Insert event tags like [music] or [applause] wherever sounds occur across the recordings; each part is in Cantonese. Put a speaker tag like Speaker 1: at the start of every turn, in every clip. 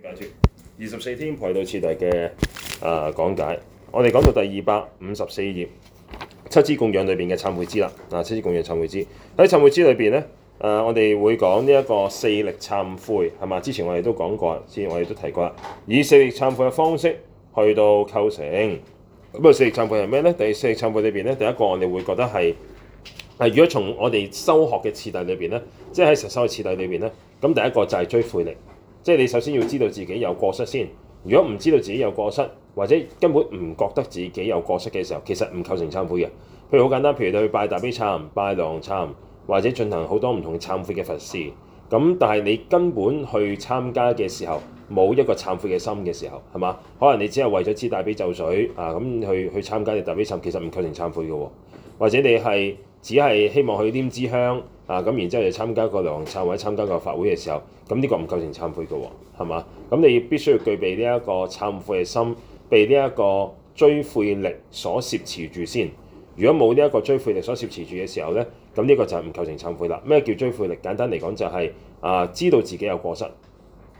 Speaker 1: 解二十四天陪到次第嘅啊講解，我哋講到第二百五十四頁，七支供養裏邊嘅懺悔支啦，啊七支供養懺悔支喺懺悔支裏邊咧，誒、呃、我哋會講呢一個四力懺悔係嘛？之前我哋都講過，之前我哋都提過啦，以四力懺悔嘅方式去到構成咁啊，四力懺悔係咩咧？第四力懺悔裏邊咧，第一個我哋會覺得係係如果從我哋修學嘅次第裏邊咧，即係喺實修嘅次第裏邊咧，咁第一個就係追悔力。即係你首先要知道自己有過失先。如果唔知道自己有過失，或者根本唔覺得自己有過失嘅時候，其實唔構成懺悔嘅。譬如好簡單，譬如你去拜大悲懺、拜梁懺，或者進行好多唔同嘅懺悔嘅佛事。咁但係你根本去參加嘅時候，冇一個懺悔嘅心嘅時候，係嘛？可能你只係為咗支大悲咒水啊，咁去去參加啲大悲懺，其實唔構成懺悔嘅。或者你係。只係希望去拈支香啊，咁然之後就參加個梁懺或者參加個法會嘅時候，咁、這、呢個唔構成懺悔嘅喎、哦，係嘛？咁你必須要具備呢一個懺悔嘅心，被呢一個追悔力所攝持住先。如果冇呢一個追悔力所攝持住嘅時候咧，咁呢個就唔構成懺悔啦。咩叫追悔力？簡單嚟講就係、是、啊，知道自己有過失，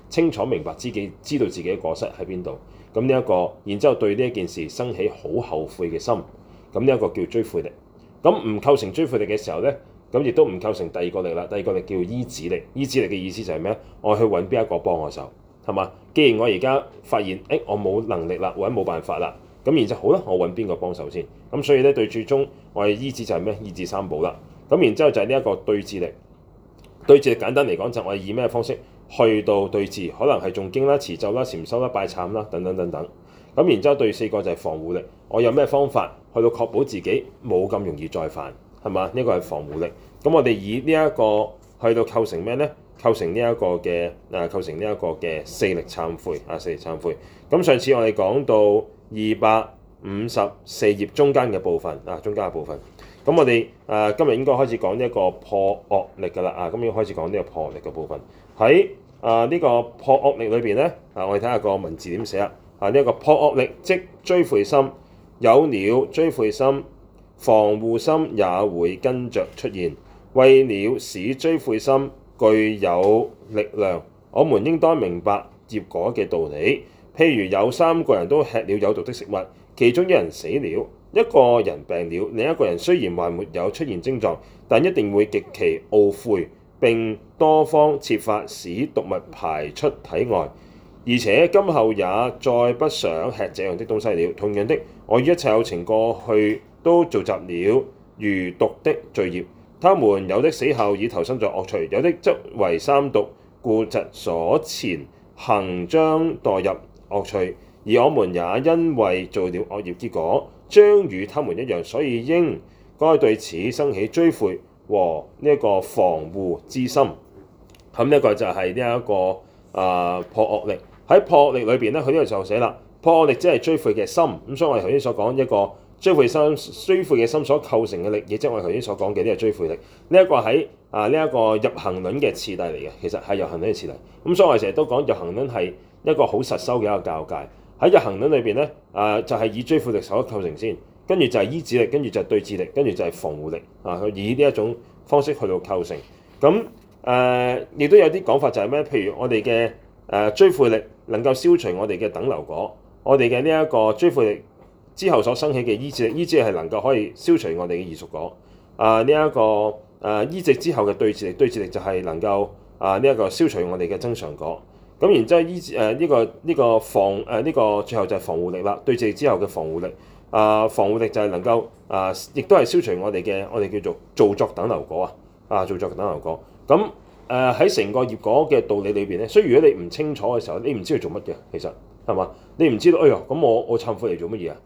Speaker 1: 清楚明白自己知道自己嘅過失喺邊度。咁呢一個，然之後對呢一件事生起好後悔嘅心，咁呢一個叫追悔力。咁唔構成追悔力嘅時候咧，咁亦都唔構成第二個力啦。第二個力叫依止力，依止力嘅意思就係咩？我去揾邊一個幫我手，係嘛？既然我而家發現，誒、欸，我冇能力啦，或者冇辦法啦，咁然之後好啦，我揾邊個幫手先？咁所以咧對治中，我哋依止就係咩？依止三寶啦。咁然之後就係呢一個對治力。對治力簡單嚟講就係我以咩方式去到對治，可能係誦經啦、持咒啦、禪修啦、拜懺啦等等等等。咁然之後第四個就係防護力，我有咩方法？去到確保自己冇咁容易再犯，係嘛？呢個係防護力。咁我哋以呢一個去到構成咩呢？構成呢一個嘅誒，構成呢一個嘅四力懺悔啊，四力懺悔。咁上次我哋講到二百五十四頁中間嘅部分啊，中間嘅部分。咁我哋誒今日應該開始講呢一個破惡力㗎啦啊！咁要開始講呢個破惡力嘅部分。喺誒呢個破惡力裏邊呢，啊我哋睇下個文字點寫啊！啊呢一個破惡力即追悔心。有了追悔心，防護心也會跟着出現。為了使追悔心具有力量，我們應當明白業果嘅道理。譬如有三個人都吃了有毒的食物，其中一人死了，一個人病了，另一個人雖然還沒有出現症狀，但一定會極其懊悔，並多方設法使毒物排出體外。而且今後也再不想吃這樣的東西了。同樣的，我與一切有情過去都造集了如毒的罪業。他們有的死後已投身在惡趣，有的則為三毒痼疾所纏，行將墮入惡趣。而我們也因為做了惡業，結果將與他們一樣，所以應該對此生起追悔和呢一個防護之心。咁呢一個就係呢一個啊、呃、破惡力。喺破力裏邊咧，佢呢度就寫啦，破力即係追悔嘅心。咁、嗯、所以我哋頭先所講一個追悔心、追悔嘅心所構成嘅力，亦即係我哋頭先所講嘅呢個追悔力。呢、這、一個喺啊呢一、這個入行論嘅次第嚟嘅，其實係入行論嘅次第。咁、嗯、所以我哋成日都講入行論係一個好實修嘅一個教界。喺入行論裏邊咧，啊就係、是、以追悔力所構成先，跟住就係依止力，跟住就對治力，跟住就係防護力。啊，以呢一種方式去到構成。咁誒亦都有啲講法就係咩？譬如我哋嘅誒追悔力。能夠消除我哋嘅等流果，我哋嘅呢一個追悔力之後所生起嘅依止力，依止係能夠可以消除我哋嘅異熟果。啊、呃，呢、這、一個啊、呃、依止之後嘅對治力，對治力就係能夠啊呢一個消除我哋嘅增上果。咁然之後依誒呢個呢、這個防誒呢、呃這個最後就係防護力啦，對治力之後嘅防護力。啊、呃，防護力就係能夠啊、呃，亦都係消除我哋嘅我哋叫做造作等流果啊，啊造作等流果。咁、啊誒喺成個業果嘅道理裏邊咧，所以如果你唔清楚嘅時候，你唔知佢做乜嘅，其實係嘛？你唔知道，哎呦，咁我我懺悔嚟做乜嘢啊？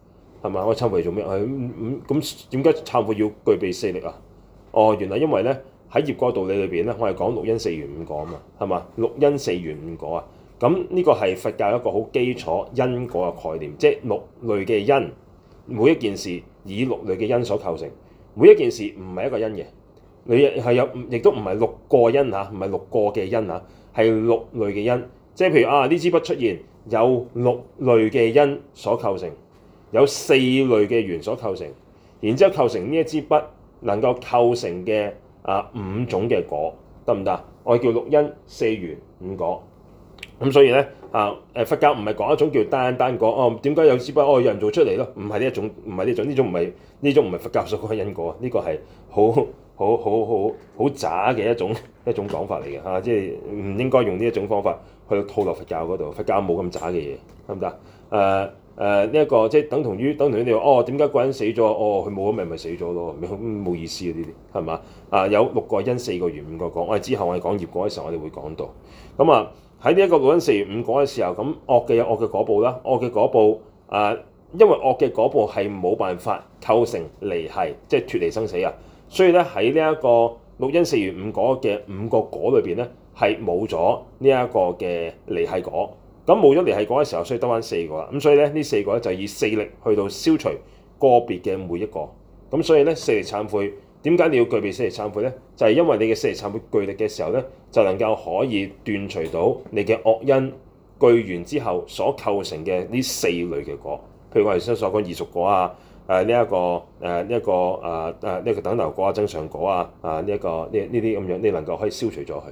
Speaker 1: 係嘛？我懺悔嚟做咩？咁咁點解懺悔要具備四力啊？哦，原來因為咧喺業果道理裏邊咧，我係講六因四緣五果啊嘛，係嘛？六因四緣五果啊，咁呢個係佛教一個好基礎因果嘅概念，即係六類嘅因，每一件事以六類嘅因所構成，每一件事唔係一個因嘅。你係有，亦都唔係六個因嚇，唔係六個嘅因嚇，係六類嘅因。即係譬如啊，呢支筆出現有六類嘅因所構成，有四類嘅緣所構成，然之後構成呢一支筆能夠構成嘅啊五種嘅果，得唔得？我叫六因四緣五果。咁所以咧啊誒，佛教唔係講一種叫單單果哦。點、啊、解有支筆哦有人做出嚟咯？唔係呢一種，唔係呢種，呢種唔係，呢種唔係佛教所講嘅因果啊。呢、這個係好。好好好好渣嘅一種一種講法嚟嘅嚇，即係唔應該用呢一種方法去到套落佛教嗰度。佛教冇咁渣嘅嘢得唔得？誒誒呢一個即係等同於等同於你話哦，點解個人死咗？哦，佢冇咗命咪死咗咯，咁冇意思啊！呢啲係嘛啊？有六個因、四個緣、五個果。我哋之後我哋講業果嘅時候，我哋會講到咁啊。喺呢一個六因四緣五果嘅時候，咁惡嘅有惡嘅果報啦，惡嘅果報啊，因為惡嘅果報係冇辦法構成離繫，即係脫離生死啊。所以咧喺呢一個六因四緣五果嘅五個果裏邊咧，係冇咗呢一個嘅離繫果。咁冇咗離繫果嘅時候，所以得翻四個啦。咁所以咧呢四個咧就以四力去到消除個別嘅每一個。咁所以咧四力懺悔，點解你要具備四力懺悔咧？就係、是、因為你嘅四力懺悔具力嘅時候咧，就能夠可以斷除到你嘅惡因具完之後所構成嘅呢四類嘅果。譬如我頭先所講異熟果啊。誒呢一個誒呢一個啊啊呢、這個等流果啊增上果啊啊呢一、這個呢呢啲咁樣，你能夠可以消除咗佢。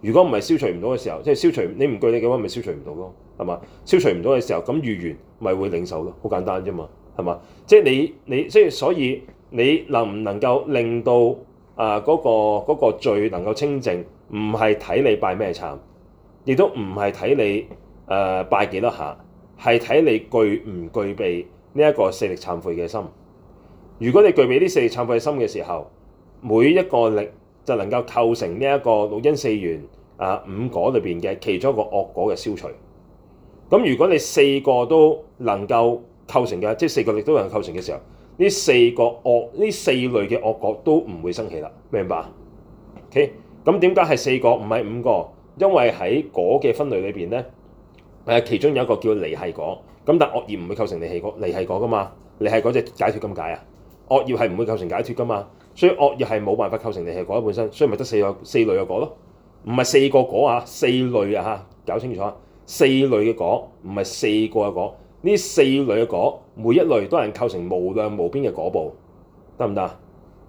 Speaker 1: 如果唔係消除唔到嘅時候，即係消除你唔具你嘅樣，咪消除唔到咯，係嘛？消除唔到嘅時候，咁預言咪會領手咯，好簡單啫嘛，係嘛？即係你你即係所以你能唔能夠令到啊嗰、那個那個罪能夠清淨，唔係睇你拜咩禪，亦都唔係睇你誒、呃、拜幾多下，係睇你具唔具備。呢一個四力懺悔嘅心，如果你具備呢四力懺悔心嘅時候，每一個力就能夠構成呢一個六因四緣啊五果裏邊嘅其中一個惡果嘅消除。咁如果你四個都能夠構成嘅，即係四個力都能構成嘅時候，呢四個惡呢四類嘅惡果都唔會生起啦，明白？OK，咁點解係四個唔係五個？因為喺果嘅分類裏邊咧，誒其中有一個叫離繫果。咁但惡業唔會構成離繫果離繫果噶嘛？離繫果只解脱咁解啊！惡業係唔會構成解脱噶嘛，所以惡業係冇辦法構成離繫果本身，所以咪得四個四類嘅果咯，唔係四個果啊，四類啊嚇，搞清楚啊！四類嘅果唔係四個嘅果，呢四類嘅果每一類都係構成無量無邊嘅果報得唔得啊？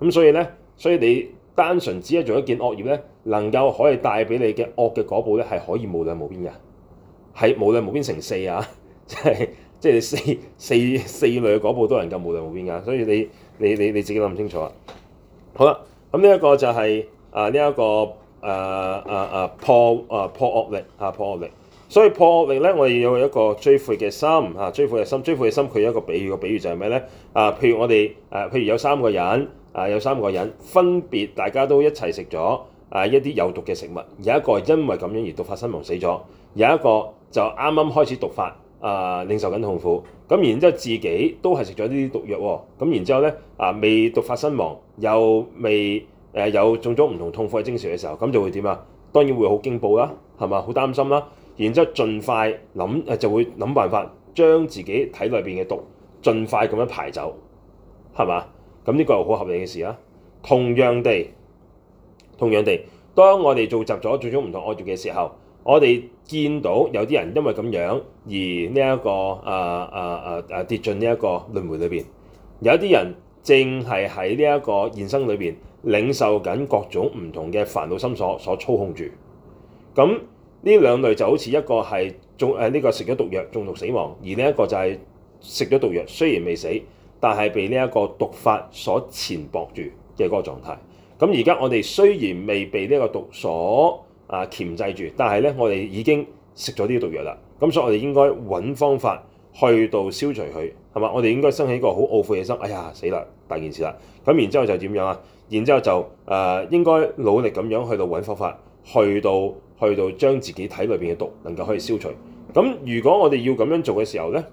Speaker 1: 咁所以咧，所以你單純只係做一件惡業咧，能夠可以帶俾你嘅惡嘅果報咧，係可以無量無邊嘅，係無量無邊乘四啊！ [laughs] 即係即係四四四類部都能救無量無邊㗎，所以你你你你自己諗清楚、就是、啊。好、啊、啦，咁呢一個就係啊呢一個誒誒誒破誒、啊、破惡力啊，破惡力，所以破惡力咧，我哋有一個追悔嘅心啊追悔嘅心追悔嘅心，佢有一個比喻個比喻就係咩咧？啊，譬如我哋誒、啊，譬如有三個人啊，有三個人分別大家都一齊食咗啊一啲有毒嘅食物，有一個因為咁樣而毒發身亡死咗，有一個就啱啱開始毒發。啊、呃，令受緊痛苦，咁然之後自己都係食咗呢啲毒藥喎，咁然之後咧啊，未毒發身亡，又未誒有中咗唔同痛苦嘅徵兆嘅時候，咁就會點啊？當然會好驚怖啦、啊，係嘛？好擔心啦、啊，然之後盡快諗誒、呃，就會諗辦法將自己體內邊嘅毒盡快咁樣排走，係嘛？咁、嗯、呢、這個係好合理嘅事啦、啊。同樣地，同樣地，當我哋做習咗做咗唔同惡業嘅時候。我哋見到有啲人因為咁樣而呢、這、一個啊啊啊啊跌進呢一個輪迴裏邊，有啲人正係喺呢一個現生裏邊領受緊各種唔同嘅煩惱心所所操控住。咁呢兩類就好似一個係中誒呢、啊這個食咗毒藥中毒死亡，而呢一個就係食咗毒藥雖然未死，但係被呢一個毒法所纏縛住嘅嗰個狀態。咁而家我哋雖然未被呢個毒所，啊，鉛製住，但係咧，我哋已經食咗呢啲毒藥啦。咁所以，我哋應該揾方法去到消除佢，係嘛？我哋應該生起一個好懊悔嘅心。哎呀，死啦！大件事啦。咁然之後就點樣啊？然之後就誒、呃、應該努力咁樣去到揾方法，去到去到將自己體裏邊嘅毒能夠可以消除。咁如果我哋要咁樣做嘅時候咧，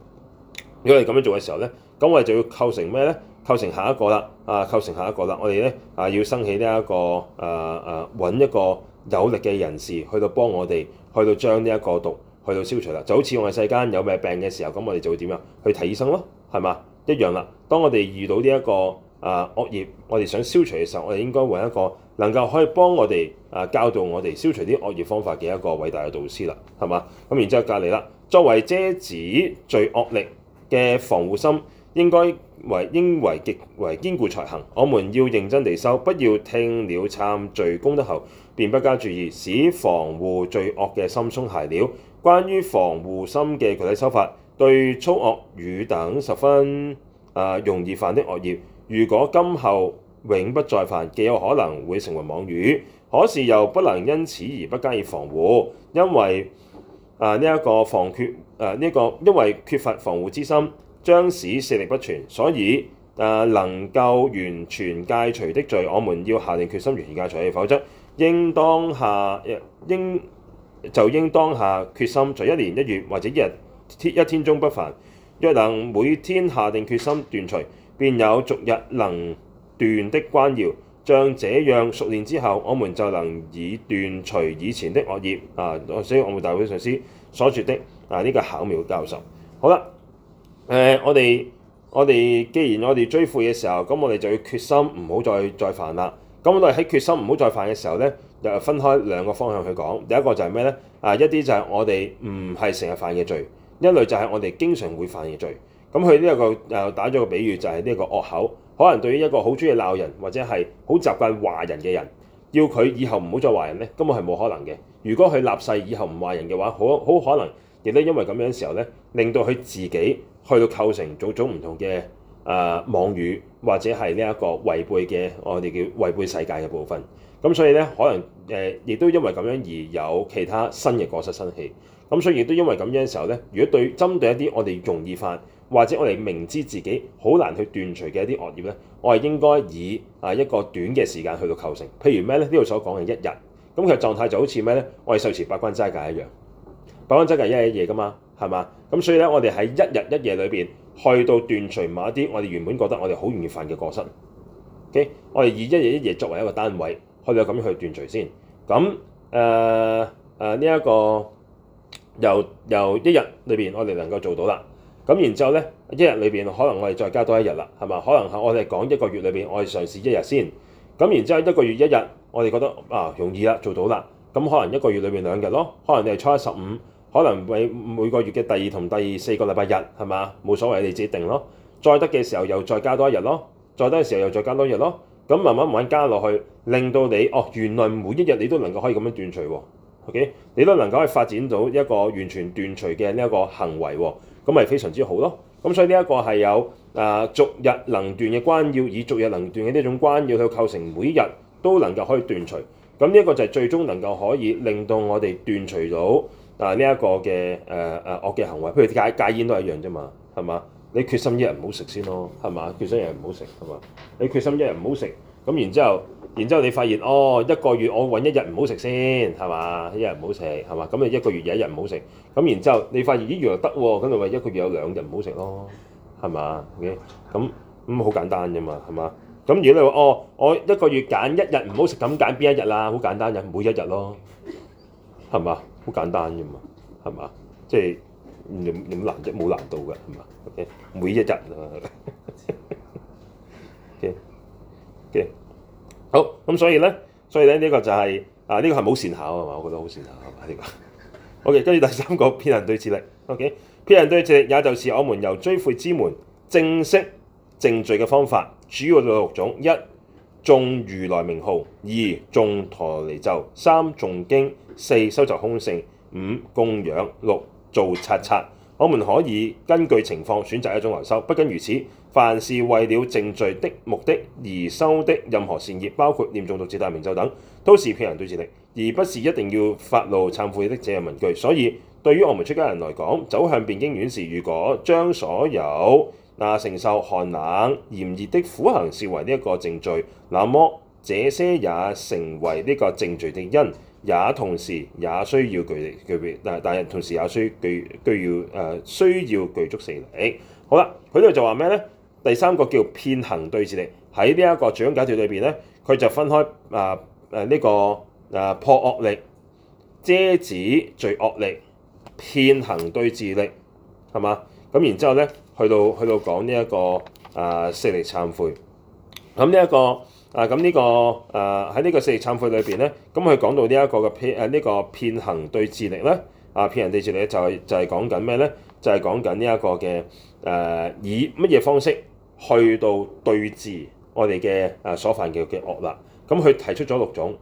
Speaker 1: 如果我哋咁樣做嘅時候咧，咁我哋就要構成咩咧？構成下一個啦，啊構成下一個啦。我哋咧啊要生起呢、這、一個誒誒揾一個。有力嘅人士去到幫我哋，去到將呢一個毒去到消除啦。就好似我哋世間有咩病嘅時候，咁我哋就會點樣去睇醫生咯，係嘛一樣啦。當我哋遇到呢、這、一個啊惡、呃、業，我哋想消除嘅時候，我哋應該揾一個能夠可以幫我哋啊、呃、教導我哋消除啲惡業方法嘅一個偉大嘅導師啦，係嘛咁。然之後隔離啦，作為遮止罪惡力嘅防護心，應該為應為極為堅固才行。我們要認真地修，不要聽了懺罪功德後，便不加注意，使防護罪惡嘅心鬆懈了，關於防護心嘅具體修法，對粗惡語等十分、呃、容易犯的惡業，如果今後永不再犯，極有可能會成為妄語，可是又不能因此而不加以防護，因為呢一、呃這個防缺呢、呃這個因為缺乏防護之心，將使四力不全，所以、呃、能夠完全戒除的罪，我們要下定決心完全戒除，否則，應當下，應就應當下決心，在一年一月或者一日一天中不犯，若能每天下定決心斷除，便有逐日能斷的關要。像這樣熟練之後，我們就能以斷除以前的惡業。啊，所以我們大寶上師所說的啊，呢、這個巧妙教授。好啦，誒、呃，我哋我哋既然我哋追悔嘅時候，咁我哋就要決心唔好再再犯啦。咁我哋喺決心唔好再犯嘅時候咧，又分開兩個方向去講。第一個就係咩咧？啊，一啲就係我哋唔係成日犯嘅罪，一類就係我哋經常會犯嘅罪。咁佢呢一個又打咗個比喻，就係呢一個惡口。可能對於一個好中意鬧人或者係好習慣話人嘅人，要佢以後唔好再話人咧，根本係冇可能嘅。如果佢立誓以後唔話人嘅話，好好可能亦都因為咁樣時候咧，令到佢自己去到構成種種唔同嘅。誒、啊、妄語或者係呢一個違背嘅，我哋叫違背世界嘅部分。咁所以咧，可能誒亦、呃、都因為咁樣而有其他新嘅過失生起。咁所以亦都因為咁樣嘅時候咧，如果對針對一啲我哋容易犯或者我哋明知自己好難去斷除嘅一啲惡業咧，我係應該以啊一個短嘅時間去到構成。譬如咩咧？呢度所講係一日。咁其實狀態就好似咩咧？我係受持八關齋戒一樣。八關齋戒一,一日一夜噶嘛，係嘛？咁所以咧，我哋喺一日一夜裏邊。去到斷除某啲我哋原本覺得我哋好容易犯嘅過失。Okay? 我哋以一日一夜作為一個單位，去到咁樣去斷除先。咁誒誒呢一個由由一日裏邊，我哋能夠做到啦。咁然之後呢，一日裏邊可能我哋再加多一日啦，係嘛？可能我哋講一個月裏邊，我哋嘗試一日先。咁然之後一個月一日，我哋覺得啊容易啦，做到啦。咁可能一個月裏邊兩日咯，可能你係初一十五。可能每每個月嘅第二同第二四個禮拜日係嘛？冇所謂，你自己定咯。再得嘅時候又再加多一日咯，再得嘅時候又再加多一日咯。咁慢慢慢慢加落去，令到你哦，原來每一日你都能夠可以咁樣斷除。OK. 你都能夠可以發展到一個完全斷除嘅呢一個行為，咁咪非常之好咯。咁所以呢一個係有啊逐日能斷嘅關要，以逐日能斷嘅呢種關要去構成每一日都能夠可以斷除。咁呢一個就係最終能夠可以令到我哋斷除到。.啊！呢、這、一個嘅誒誒惡嘅行為，譬如戒戒煙都係一樣啫嘛，係嘛？你決心一日唔好食先咯，係嘛？決心一日唔好食係嘛？你決心一日唔好食咁，然之後，然之後你發現哦，一個月我揾一日唔好食先，係嘛？一日唔好食係嘛？咁你、嗯、一個月有一日唔好食咁，然之後你發現呢樣得喎，咁你咪一個月有兩日唔好食咯，係嘛？OK，咁咁好簡單啫嘛，係嘛？咁如果你話哦，我一個月揀一日唔好食，咁揀邊一日啦？好簡單嘅，每一日咯，係嘛？好簡單啫嘛，係嘛？即係你你難即冇難度嘅係嘛？O K，每一日啊，O K，O K，好咁所以咧，所以咧呢個就係、是、啊呢、呢個係冇善巧係嘛？我覺得好善巧係嘛呢個。O K，跟住第三個遍行對治力。O K，遍行對治力也就是我們由追悔之門正作，淨罪嘅方法，主要有六種一。誦如來名號，二誦陀尼咒，三誦經，四修習空性，五供養，六做擦擦。我們可以根據情況選擇一種來修。不僅如此，凡是為了淨罪的目的而修的任何善業，包括念誦六字大明咒等，都是遍行對治力，而不是一定要發露、懺悔的這樣文句。所以，對於我們出家人來講，走向辯經院時，如果將所有嗱，承受寒冷、炎熱的苦行視為呢一個淨罪，那麼這些也成為呢個淨罪的因，也同時也需要具力。具備，但但係同時也需具、呃、需要誒需要具足四力。好啦，佢呢度就話咩咧？第三個叫遍行對治力喺呢一個《掌解條》裏邊咧，佢就分開啊誒呢個誒、呃、破惡力、遮止罪惡力、遍行對治力，係嘛？咁然之後咧。去到去到講呢、這、一個啊，四、呃、力懺悔。咁、這個呃、呢一個啊，咁呢個啊，喺呢個四力懺悔裏邊咧，咁佢講到呢、這、一個嘅遍呢個遍行對治力咧，啊遍行對治力就係就係講緊咩咧？就係、是、講緊呢一、就是、個嘅誒、呃、以乜嘢方式去到對治我哋嘅啊所犯嘅嘅惡啦。咁佢提出咗六種誒、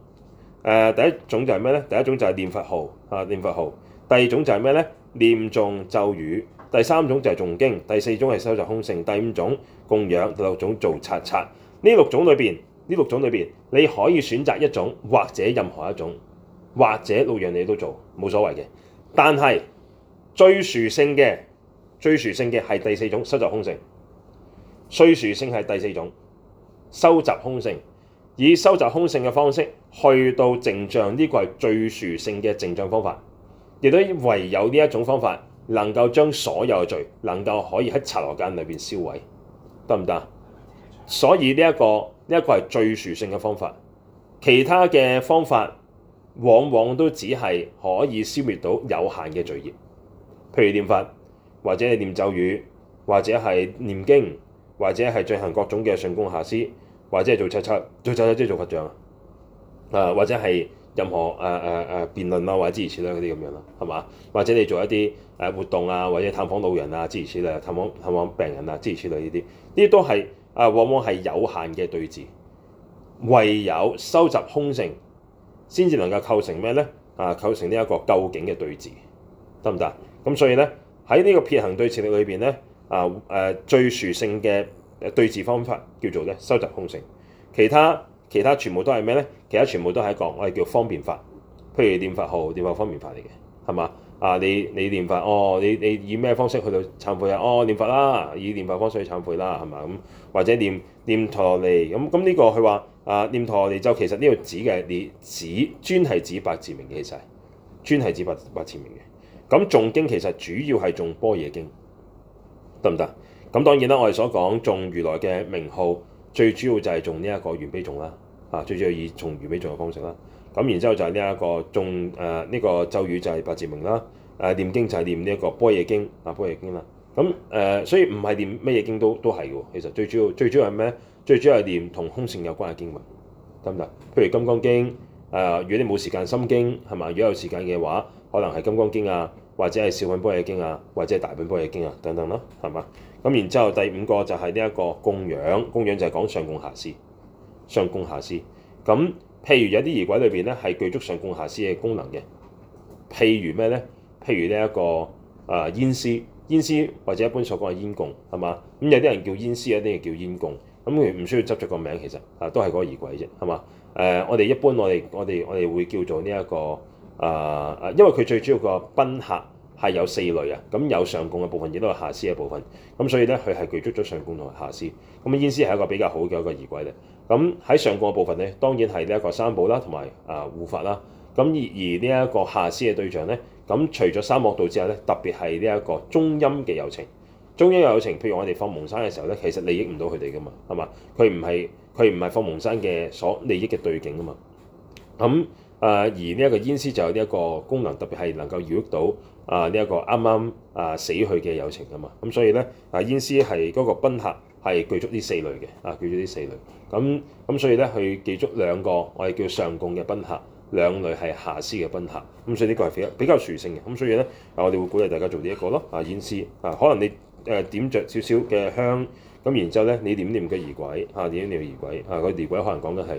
Speaker 1: 呃，第一種就係咩咧？第一種就係唸佛號啊唸佛號。第二種就係咩咧？念誦咒語。第三種就係誦經，第四種係修習空性，第五種供養，第六種做擦擦。呢六種裏邊，呢六種裏邊，你可以選擇一種，或者任何一種，或者六樣你都做，冇所謂嘅。但係最殊勝嘅，最殊勝嘅係第四種修習空性，最殊勝係第四種修習空性，以修習空性嘅方式去到淨障呢個係最殊勝嘅淨障方法，亦都唯有呢一種方法。能夠將所有嘅罪能夠可以喺柴爐間裏邊燒毀，得唔得？所以呢、這、一個呢一、這個係最殊勝嘅方法，其他嘅方法往往都只係可以消滅到有限嘅罪業，譬如念佛，或者係念咒語，或者係念經，或者係進行各種嘅上供下施，或者係做七七，做七七即係做佛像啊，或者係。任何誒誒誒辯論啊，或者諸如此類啦，嗰啲咁樣啦，係嘛？或者你做一啲誒活動啊，或者探訪老人啊，諸如此類啦，探訪探訪病人啊，諸如此類呢啲，呢啲都係啊，往往係有限嘅對治。唯有修習空性，先至能夠構成咩咧？啊，構成呢一個究竟嘅對治，得唔得？咁所以咧，喺呢個遍行對治力裏邊咧，啊誒、啊、最殊勝嘅對治方法叫做咧修習空性，其他。其他全部都係咩咧？其他全部都係一個，我哋叫方便法，譬如念佛號，念佛方便法嚟嘅，係嘛？啊，你你念法哦，你你以咩方式去到懺悔啊？哦，念佛啦，以念法方式去懺悔啦，係嘛？咁或者念念陀尼，咁咁呢個佢話啊，念陀尼就其實呢個指嘅，你指專係指六字明嘅，其實專係指六六字明嘅。咁誦經其實主要係誦般若經，得唔得？咁當然啦，我哋所講誦如來嘅名號。最主要就係從呢一個原碑中啦，啊，最主要以從原碑中嘅方式啦，咁、啊、然之後就係呢一個中誒呢個咒語就係百字明啦，誒、啊、唸經就係念呢一個般若經啊，般若經啦，咁、啊、誒、呃、所以唔係念乜嘢經都都係嘅，其實最主要最主要係咩？最主要係念同空性有關嘅經文，得唔得？譬如《金剛經》呃，誒，如果你冇時間，《心經》係嘛？如果有時間嘅話，可能係《金剛經》啊，或者係小品般若經啊，或者係、啊、大品般若經啊，等等啦、啊，係嘛？咁然之後第五個就係呢一個供養，供養就係講上供下施，上供下施。咁譬如有啲儀軌裏邊咧係具足上供下施嘅功能嘅，譬如咩咧？譬如呢、這、一個啊煙施，煙施或者一般所講嘅煙供係嘛？咁有啲人叫煙施，有啲人叫煙供。咁佢唔需要執著個名，其實啊都係嗰個儀軌啫，係嘛？誒、呃，我哋一般我哋我哋我哋會叫做呢、這、一個啊啊、呃，因為佢最主要個賓客。係有四類啊，咁有上供嘅部分，亦都有下施嘅部分，咁所以咧佢係具足咗上供同下施。咁煙施係一個比較好嘅一個儀軌嚟。咁喺上供嘅部分咧，當然係呢一個三寶啦，同埋啊護法啦。咁而而呢一個下施嘅對象咧，咁除咗三惡道之外咧，特別係呢一個中陰嘅有情。中陰嘅有情，譬如我哋放蒙山嘅時候咧，其實利益唔到佢哋噶嘛，係嘛？佢唔係佢唔係放蒙山嘅所利益嘅對境啊嘛。咁誒、呃、而呢一個煙施就有呢一個功能，特別係能夠利益到。啊！呢、這、一個啱啱啊死去嘅有情啊嘛，咁所以咧啊煙施係嗰個賓客係具足呢四類嘅啊，具足呢四類。咁、啊、咁、啊、所以咧，佢具足兩個，我哋叫上供嘅賓客，兩類係下施嘅賓客。咁、啊所，啊、所以呢個係比較比較殊勝嘅。咁所以咧，我哋會鼓勵大家做呢一個咯啊，煙施啊，可能你誒點着少少嘅香，咁然之後咧，你念念嘅儀軌啊，念念儀軌啊，個儀軌，啊啊啊啊、軌可能講緊係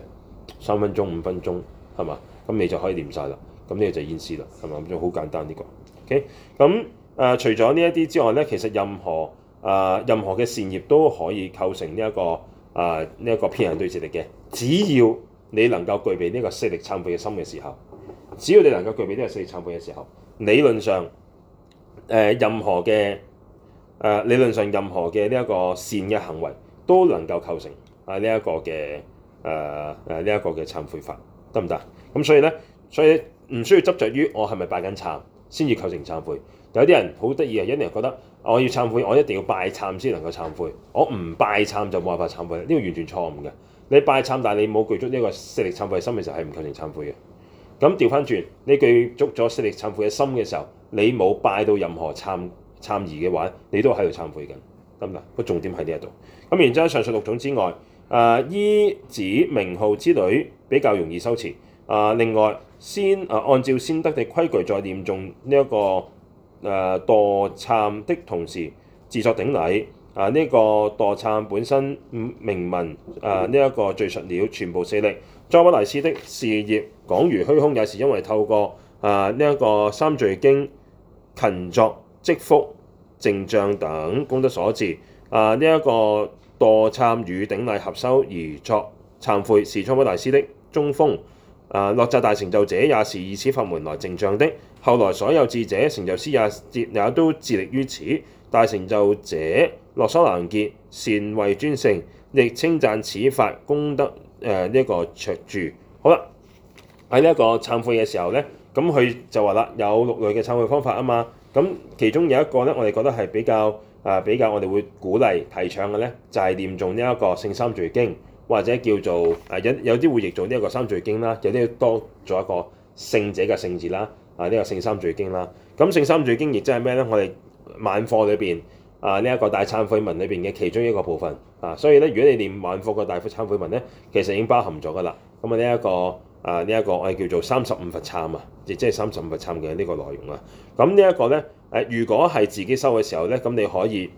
Speaker 1: 三分鐘、五分鐘係嘛，咁你就可以念晒啦。咁呢個就係淹屍啦，係嘛？咁就好簡單呢個。OK，咁、嗯、誒、呃、除咗呢一啲之外咧，其實任何誒、呃、任何嘅善業都可以構成呢、這、一個誒呢一個遍行對治力嘅，只要你能夠具備呢個四力懺悔嘅心嘅時候，只要你能夠具備呢個四力懺悔嘅時候，理論上誒、呃、任何嘅誒、呃、理論上任何嘅呢一個善嘅行為都能夠構成啊呢一個嘅誒誒呢一個嘅懺悔法，得唔得？咁、嗯、所以咧，所以。所以唔需要執着於我係咪拜緊懺先至構成懺悔。有啲人好得意啊，一定覺得我要懺悔，我一定要拜懺先能夠懺悔。我唔拜懺就冇辦法懺悔，呢個完全錯誤嘅。你拜懺，但係你冇具足呢個四力懺悔嘅心嘅時候，係唔構成懺悔嘅。咁調翻轉，你具足咗四力懺悔嘅心嘅時候，你冇拜到任何懺、懺儀嘅話，你都喺度懺悔緊。咁嗱個重點喺呢一度。咁然之後，上述六種之外，誒、呃、依止名號之類比較容易修持。誒、呃、另外。先啊，按照先德嘅規矩，在唸誦呢一個誒、啊、墮懺的同時，自作頂禮啊，呢、這、一個墮懺本身明文誒呢一個敘述了，全部四力。宗喀巴大師的事業廣如虛空，也是因為透過啊呢一、這個三聚經勤作積福淨障等功德所致。啊呢一、這個墮懺與頂禮合修而作懺悔，是宗喀巴大師的宗風。誒、洛札大成就者也是以此法門來淨障的，後來所有智者成就師也也都致力於此。大成就者洛桑南傑，善慧尊勝，亦稱讚此法功德誒呢一個卓著。好啦，喺呢一個懺悔嘅時候咧，咁佢就話啦，有六類嘅懺悔方法啊嘛，咁其中有一個咧，我哋覺得係比較誒、啊、比較我哋會鼓勵提倡嘅咧，就係、是、念誦呢一個《聖三聚經》。或者叫做誒有有啲會譯做呢一個三聚經啦，有啲多做一個聖者嘅聖字啦，啊呢、這個聖三聚經啦。咁、啊、聖三聚經亦即係咩咧？我哋晚課裏邊啊呢一、這個大懺悔文裏邊嘅其中一個部分啊。所以咧，如果你念晚課嘅大懺悔文咧，其實已經包含咗噶啦。咁、這個、啊呢一、這個啊呢一個我哋叫做三十五佛參啊，亦即係三十五佛參嘅呢個內容個啊。咁呢一個咧誒，如果係自己修嘅時候咧，咁你可以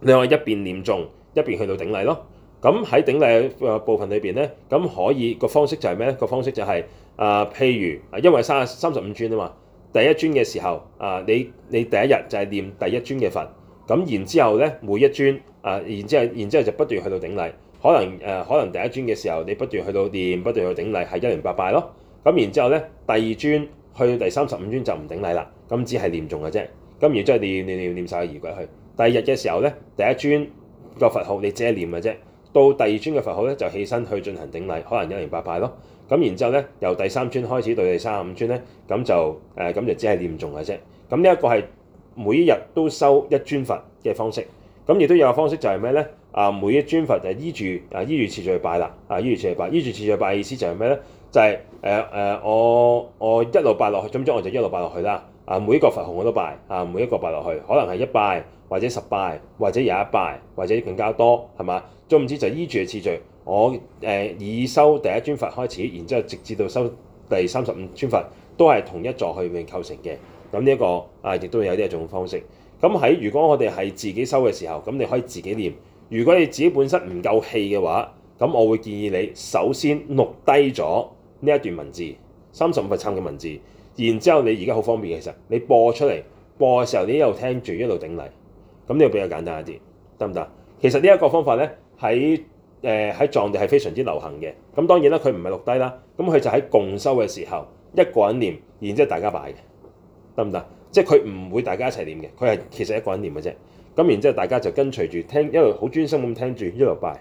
Speaker 1: 你可以一邊念誦，一邊去到頂禮咯。咁喺頂禮部分裏邊咧，咁可以個方式就係咩咧？個方式就係啊，譬如啊，因為三三十五尊啊嘛，第一尊嘅時候啊，你你第一日就係念第一尊嘅佛，咁然之後咧，每一尊啊，然之後然之後就不斷去到頂禮，可能誒可能第一尊嘅時候你不斷去到念，不斷去頂禮係一連八拜咯。咁然之後咧，第二尊去到第三十五尊就唔頂禮啦，咁只係念眾嘅啫。咁然之後念念念晒曬個儀軌去。第二日嘅時候咧，第一尊個佛號你只係念嘅啫。到第二尊嘅佛號咧，就起身去進行頂禮，可能一百零八拜咯。咁然之後咧，由第三尊開始到第三十五尊咧，咁就誒咁、呃、就只係念誦嘅啫。咁呢一個係每一日都收一尊佛嘅方式。咁、嗯、亦都有個方式就係咩咧？啊，每一尊佛就依住啊依住次序拜啦。啊依住次序拜，依住次序拜嘅意思就係咩咧？就係誒誒我我一路拜落去，總之，我就一路拜落去啦。啊每一個佛號我都拜啊每一個拜落去，可能係一拜或者十拜或者有一拜或者更加多，係嘛？總言之就依住嘅次序，我誒、呃、以收第一尊佛開始，然之後直至到收第三十五尊佛，都係同一座去嚟構成嘅。咁呢一個啊，亦都會有呢一種方式。咁喺如果我哋係自己收嘅時候，咁你可以自己念。如果你自己本身唔夠氣嘅話，咁我會建議你首先錄低咗呢一段文字，三十五佛懺嘅文字。然之後你而家好方便嘅，其實你播出嚟播嘅時候，你一路聽住一路頂禮。咁呢個比較簡單一啲，得唔得？其實呢一個方法咧。喺誒喺藏地係非常之流行嘅，咁當然啦，佢唔係錄低啦，咁佢就喺共修嘅時候一個人念，然之後大家拜，得唔得？即係佢唔會大家一齊念嘅，佢係其實一個人念嘅啫，咁然之後大家就跟隨住聽，一路好專心咁聽住一路拜，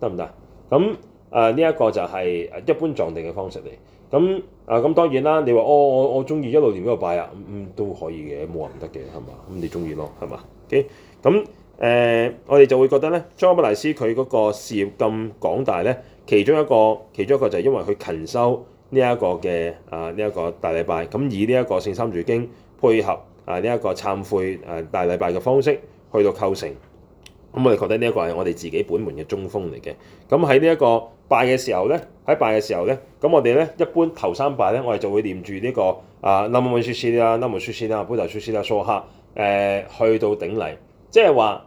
Speaker 1: 得唔得？咁誒呢一個就係一般藏地嘅方式嚟，咁啊咁當然啦，你話哦我我中意一路念一路拜啊，嗯都可以嘅，冇話唔得嘅係嘛，咁你中意咯係嘛？OK 咁。誒、呃，我哋就會覺得咧，宗喀巴師佢嗰個事業咁廣大咧，其中一個，其中一個就係因為佢勤修呢一個嘅啊呢一、這個大禮拜，咁、嗯、以呢一個《聖三蘊經》配合啊呢一、這個懺悔誒大禮拜嘅方式去到構成，咁、嗯、我哋覺得呢一個係我哋自己本門嘅宗風嚟嘅。咁喺呢一個拜嘅時候咧，喺拜嘅時候咧，咁、嗯、我哋咧一般頭三拜咧，我哋就會念住呢、這個啊拉木木舒斯啦、拉木舒斯啦、菩提舒斯啦、蘇克誒，去到頂禮，即係話。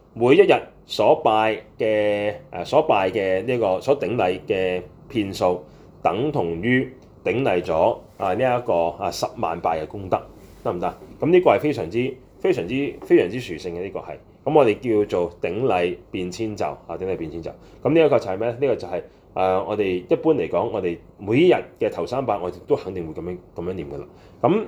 Speaker 1: 每一日所拜嘅誒，所拜嘅呢、這個所頂禮嘅遍數，等同於頂禮咗啊呢一、這個啊十萬拜嘅功德，得唔得？咁、嗯、呢、這個係非常之非常之非常之殊勝嘅呢、這個係。咁、嗯、我哋叫做頂禮變千咒啊，頂禮變千咒。咁呢一個就係、是、咩？呢個就係誒我哋一般嚟講，我哋每一日嘅頭三拜，我哋都肯定會咁樣咁樣念㗎喇。咁、嗯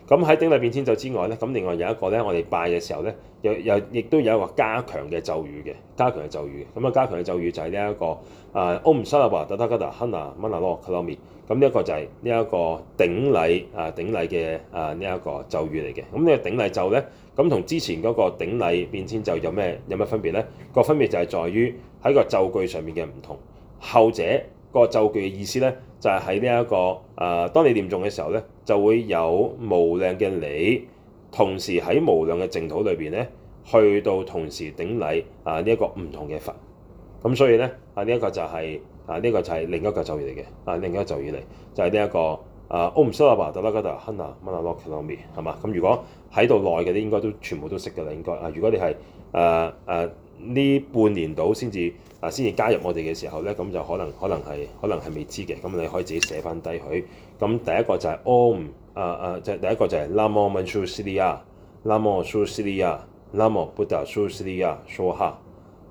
Speaker 1: 咁喺頂禮變遷咒之外咧，咁另外有一個咧，我哋拜嘅時候咧，有有亦都有一個加強嘅咒語嘅，加強嘅咒語，咁啊，加強嘅咒語就係呢一個啊 Om Shambhala Tattagata Hana Manalo Kalomi 咁呢一個就係呢一個頂禮啊，頂禮嘅啊呢一個咒語嚟嘅。咁、嗯、呢、這個頂禮咒咧，咁同之前嗰個頂禮變遷咒有咩有咩分別咧？個分別就係在於喺個咒句上面嘅唔同。後者個咒句嘅意思咧，就係喺呢一個啊、呃，當你念咒嘅時候咧，就會有無量嘅你，同時喺無量嘅淨土裏邊咧，去到同時頂禮啊呢一、這個唔同嘅佛。咁、啊、所以咧啊呢一、這個就係、是、啊呢、這個就係另一個咒語嚟嘅啊，另一個咒語嚟，就係呢一個啊 Om Shri Ram Tat Khanda Manas Lokamaya，係嘛？咁如果喺度耐嘅啲應該都全部都識嘅啦應該啊，如果你係誒誒呢半年到先至。先至加入我哋嘅時候咧，咁就可能可能係可能係未知嘅，咁你可以自己寫翻低佢。咁第一個就係 Om，誒、啊、誒，即、啊、係第一個就係拉莫曼蘇斯利亞，拉莫蘇斯利亞，s 莫菩提蘇斯利亞，說下。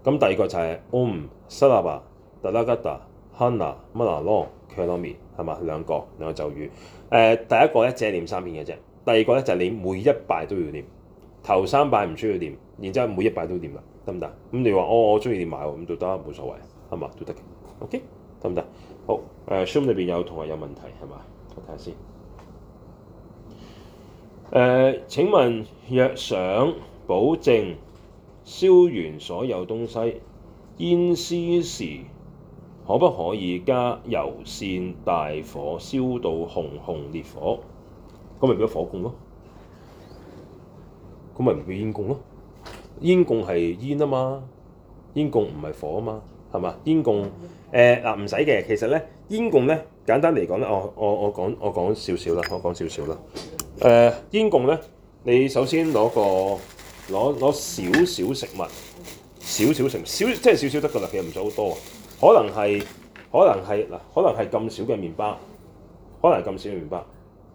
Speaker 1: 咁第二個就係 Om，s a a a a a Gata，Hanna，Mala l l d l 達，哈納，馬拉羅，卡羅米，係嘛？兩個兩個咒語。誒、呃，第一個咧只係念三遍嘅啫，第二個咧就係你每一拜都要念。頭三拜唔需要念，然之後每一拜都念啦。得唔得？咁你話、哦、我我中意買喎，咁都得，冇所謂，係嘛？都得嘅，OK，得唔得？好，誒，Zoom 裏邊有同學有問題係嘛？我睇下先。誒、uh，請問若想保證燒完所有東西，煙絲時可不可以加油線大火燒到熊熊烈火？咁咪叫火供咯？咁咪唔叫煙供咯？煙供係煙啊嘛，煙供唔係火啊嘛，係嘛？煙供，誒嗱，唔使嘅，其實咧煙供咧簡單嚟講咧，我我我講我講少少啦，我講少少啦。誒、呃、煙供咧，你首先攞個攞攞少少食物，少少食物，少即係少少得㗎啦，其實唔使好多啊，可能係可能係，嗱，可能係咁少嘅麵包，可能係咁少嘅麵包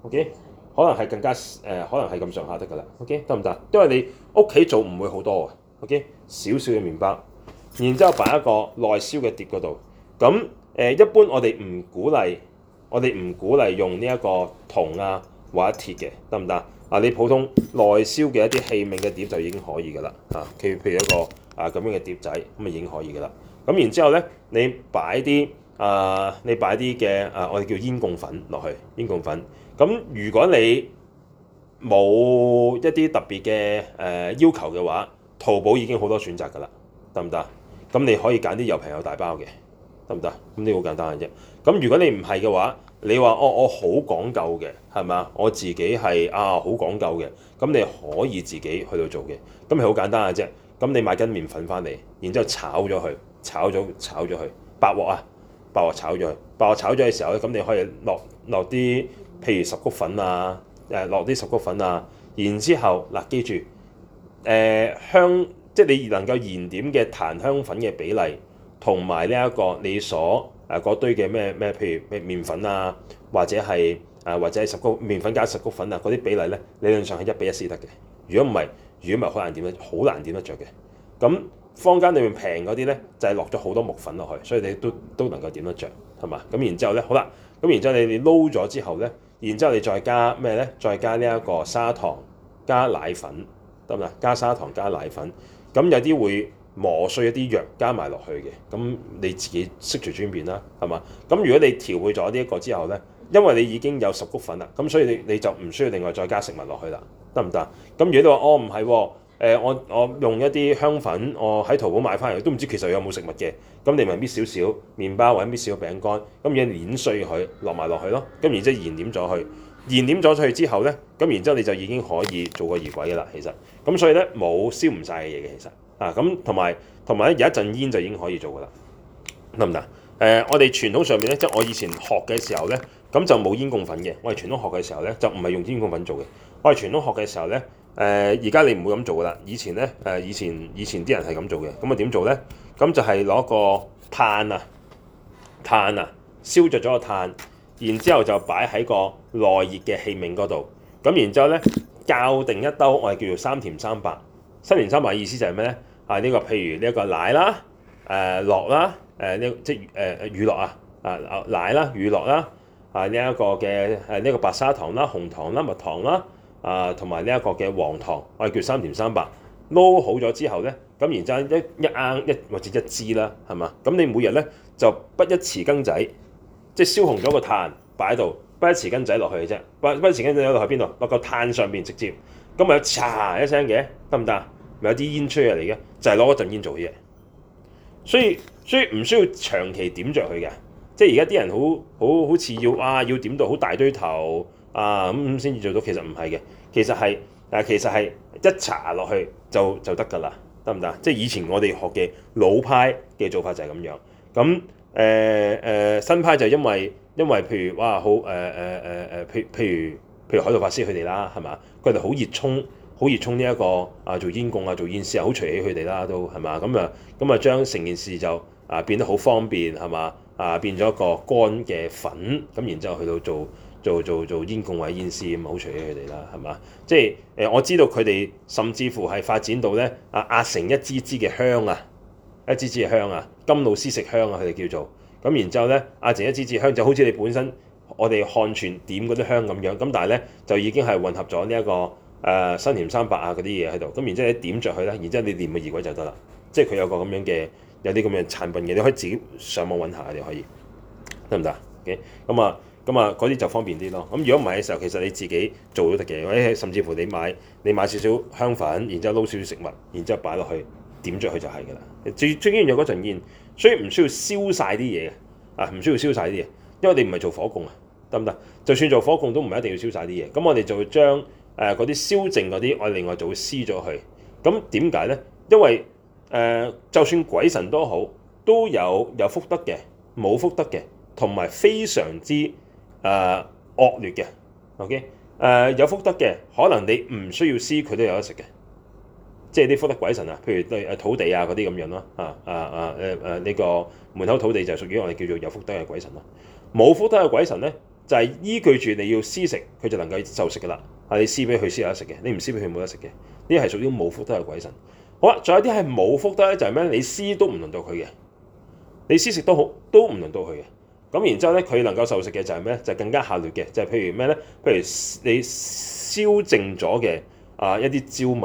Speaker 1: ，ok。可能係更加誒、呃，可能係咁上下得噶啦，OK 得唔得？因為你屋企做唔會好多嘅，OK 少少嘅麵包，然之後擺一個耐燒嘅碟嗰度。咁誒、呃、一般我哋唔鼓勵，我哋唔鼓勵用呢一個銅啊或者鐵嘅，得唔得？啊你普通耐燒嘅一啲器皿嘅碟就已經可以噶啦，嚇、啊，譬如譬如一個啊咁樣嘅碟仔，咁啊已經可以噶啦。咁、啊、然之後咧，你擺啲啊你擺啲嘅啊我哋叫煙供粉落去，煙供粉。咁如果你冇一啲特別嘅誒、呃、要求嘅話，淘寶已經好多選擇㗎啦，得唔得？咁你可以揀啲又平又大包嘅，得唔得？咁呢個好簡單嘅啫。咁如果你唔係嘅話，你話哦，我好講究嘅，係嘛？我自己係啊，好講究嘅。咁你可以自己去到做嘅，咁係好簡單嘅啫。咁你買斤麵粉返嚟，然之後炒咗佢，炒咗炒咗佢，白鑊啊，白鑊炒咗佢，白鑊炒咗嘅時候咧，咁你可以落落啲。譬如十谷粉啊，誒落啲十谷粉啊，然之後嗱、nah, 記住，誒、呃、香即係你能夠燃點嘅檀香粉嘅比例，同埋呢一個你所誒嗰、啊、堆嘅咩咩，譬如咩麵粉啊，或者係誒、啊、或者係十谷麵粉加十谷粉啊，嗰啲比例咧理論上係一比一先得嘅。如果唔係，如果唔係，好難點咧，好難點得着嘅。咁坊間裏面平嗰啲咧，就係落咗好多木粉落去，所以你都都能夠點得着，係嘛？咁然之後咧，好啦，咁然之後你你撈咗之後咧。然之後你再加咩咧？再加呢一個砂糖加奶粉，得唔得？加砂糖加奶粉，咁有啲會磨碎一啲藥加埋落去嘅。咁你自己識住轉變啦，係嘛？咁如果你調配咗呢一個之後咧，因為你已經有十谷粉啦，咁所以你你就唔需要另外再加食物落去啦，得唔得？咁如果你話哦，唔係喎。誒、呃、我我用一啲香粉，我喺淘寶買翻嚟，都唔知其實有冇食物嘅。咁你咪搣少少麵包或者搣少少餅乾，咁然之後碾碎佢，落埋落去咯。咁然之後燃點咗佢，燃點咗佢之後咧，咁然之後你就已經可以做個儀軌嘅啦。其實，咁所以咧冇燒唔晒嘅嘢嘅，其實啊，咁同埋同埋咧有一陣煙就已經可以做噶啦，得唔得？誒、呃，我哋傳統上面咧，即係我以前學嘅時候咧，咁就冇煙供粉嘅。我哋傳統學嘅時候咧，就唔係用煙供粉做嘅。我哋傳統學嘅時候咧。誒而家你唔會咁做㗎啦，以前咧誒、呃、以前以前啲人係咁做嘅，咁啊點做咧？咁就係攞個炭啊炭啊燒着咗個炭，然之後就擺喺個耐熱嘅器皿嗰度，咁然之後咧校定一兜，我哋叫做三甜三白，三甜三白意思就係咩咧？啊呢、這個譬如呢一、這個奶啦、啊，誒落啦，誒呢即係誒乳酪啊，啊奶啦、啊、乳酪啦、啊，啊呢一、這個嘅誒呢個白砂糖啦、啊、紅糖啦、啊、蜜糖啦、啊。啊，同埋呢一個嘅黃糖，我哋叫三甜三白，撈好咗之後咧，咁然之後一一盎一或者一支啦，係嘛？咁你每日咧就不一匙羹仔，即係燒紅咗個炭擺喺度，不一匙羹仔落去嘅啫，不一匙羹仔落去邊度？落個炭上邊直接，咁咪有嚓一聲嘅，得唔得？咪有啲煙吹入嚟嘅，就係攞一陣煙做嘢。所以所以唔需要長期點着佢嘅，即係而家啲人好好好似要啊要點到好大堆頭。啊咁咁先至做到，其實唔係嘅，其實係誒、啊，其實係一搽落去就就得㗎啦，得唔得？即係以前我哋學嘅老派嘅做法就係咁樣。咁誒誒新派就因為因為譬如哇好誒誒誒誒，譬譬如譬如海濤法師佢哋啦，係嘛？佢哋好熱衷好熱衷呢一個啊做煙供啊做煙施啊，好隨喜佢哋啦都係嘛？咁啊咁啊將成件事就啊變得好方便係嘛？啊變咗一個乾嘅粉咁，然之後去到做。做做做煙供或者煙絲咁好除咗佢哋啦，係嘛？即係誒、呃，我知道佢哋甚至乎係發展到咧，壓、啊啊、成一支支嘅香啊，一支支嘅香啊，甘露絲食香啊，佢哋叫做咁。然之後咧，壓、啊、成一支支香就好似你本身我哋漢傳點嗰啲香咁樣。咁但係咧，就已經係混合咗呢一個誒、啊、三甜三白啊嗰啲嘢喺度。咁然之後你點着佢啦，然之後你念個儀軌就得啦。即係佢有個咁樣嘅有啲咁嘅產品嘅，你可以自己上網揾下，你可以得唔得？OK，咁啊。咁啊，嗰啲就方便啲咯。咁如果唔係嘅時候，其實你自己做咗啲嘢，或者甚至乎你買你買少少香粉，然之後撈少少食物，然之後擺落去點咗佢就係㗎啦。最最緊要嗰陣煙，所以唔需要燒晒啲嘢嘅，啊唔需要燒晒啲嘢，因為你唔係做火供啊，得唔得？就算做火供都唔一定要燒、呃、燒晒啲嘢。咁我哋就會將誒嗰啲燒剩嗰啲，我另外就會撕咗佢。咁點解咧？因為誒、呃，就算鬼神都好，都有有福德嘅，冇福德嘅，同埋非常之。誒惡、uh, 劣嘅，OK？誒、uh, 有福德嘅，可能你唔需要施，佢都有得食嘅。即係啲福德鬼神啊，譬如對土地啊嗰啲咁樣咯，啊啊啊誒誒呢個門口土地就屬於我哋叫做有福德嘅鬼神咯。冇福德嘅鬼神咧，就係、是、依據住你要施食，佢就能夠就食噶啦。啊，你施俾佢，佢有得食嘅；你唔施俾佢，冇得食嘅。呢係屬於冇福德嘅鬼神。好啦，仲有啲係冇福德咧，就係、是、咩？你施都唔輪到佢嘅，你施食都好，都唔輪到佢嘅。咁然之後咧，佢能夠受食嘅就係咩咧？就是、更加下劣嘅，就係、是、譬如咩咧？譬如你燒淨咗嘅啊一啲焦物，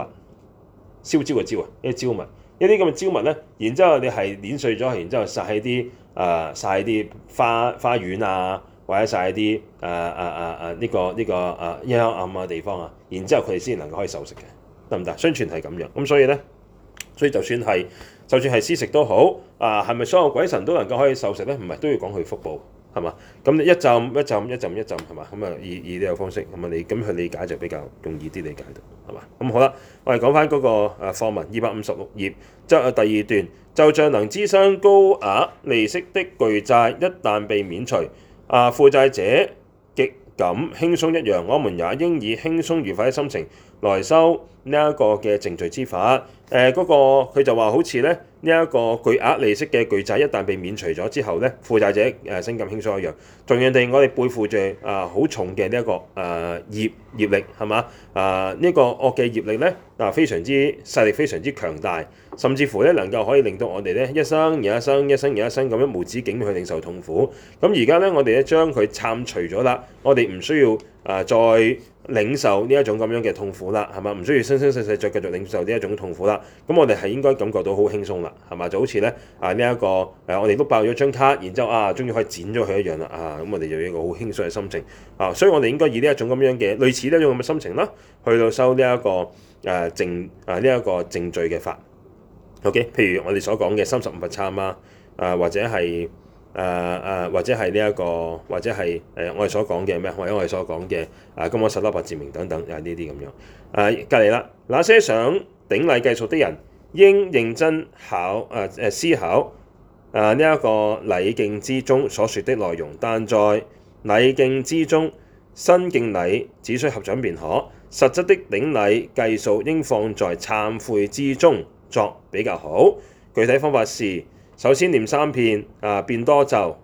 Speaker 1: 燒焦嘅焦啊，一啲焦物，一啲咁嘅焦物咧。然之後你係碾碎咗，然之後晒喺啲啊曬啲花花園啊，或者晒喺啲、呃、啊啊啊啊呢個呢、這個啊陰、呃、暗嘅地方啊。然之後佢哋先能夠可以受食嘅，得唔得？宣傳係咁樣。咁所以咧，所以就算係。就算係施食都好，啊，係咪所有鬼神都能夠可以受食呢？唔係，都要講佢福報，係嘛？咁你一浸一浸一浸一浸係嘛？咁啊，以以呢個方式咁啊，你咁去理解就比較容易啲理解到，係嘛？咁好啦，我哋講翻嗰個誒課文二百五十六頁，即係第二段，就像能滋生高額利息的巨債一旦被免除，啊，負債者極感輕鬆一樣，我們也應以輕鬆愉快嘅心情來收呢一個嘅淨罪之法。誒嗰、呃那個佢就話好似咧呢一個巨額利息嘅巨債，一旦被免除咗之後咧，負債者誒、呃、身咁輕鬆一樣。同樣地，我哋背負著啊好重嘅呢一個誒、呃、業業力係嘛？誒呢、呃這個惡嘅業力咧，嗱非常之勢力，非常之強大，甚至乎咧能夠可以令到我哋咧一生而一生，一生而一生咁樣無止境去領受痛苦。咁而家咧，我哋咧將佢剷除咗啦，我哋唔需要誒、呃、再。領受呢一種咁樣嘅痛苦啦，係嘛？唔需要生生世世再繼續領受呢一種痛苦啦。咁我哋係應該感覺到好輕鬆啦，係嘛？就好似咧啊呢一、這個誒、呃，我哋碌爆咗張卡，然之後啊，終於可以剪咗佢一樣啦。啊，咁我哋就有一個好輕鬆嘅心情啊。所以我哋應該以呢一種咁樣嘅類似呢一種咁嘅心情啦，去到收呢一個誒證淨誒呢一個淨罪嘅法。OK，譬如我哋所講嘅三十五佛懺啊，誒、啊、或者係。誒誒、呃，或者係呢一個，或者係誒、呃、我哋所講嘅咩，或者我哋所講嘅誒金剛薩埵百字明等等，係呢啲咁樣。誒、啊、隔離啦，那些想頂禮計數的人，應認真考誒誒、啊啊、思考誒呢一個禮敬支中所說的內容。但在禮敬支中，身敬禮只需合掌便可。實質的頂禮計數應放在懺悔支中作比較好。具體方法是：首先念三遍，啊、呃，變多咒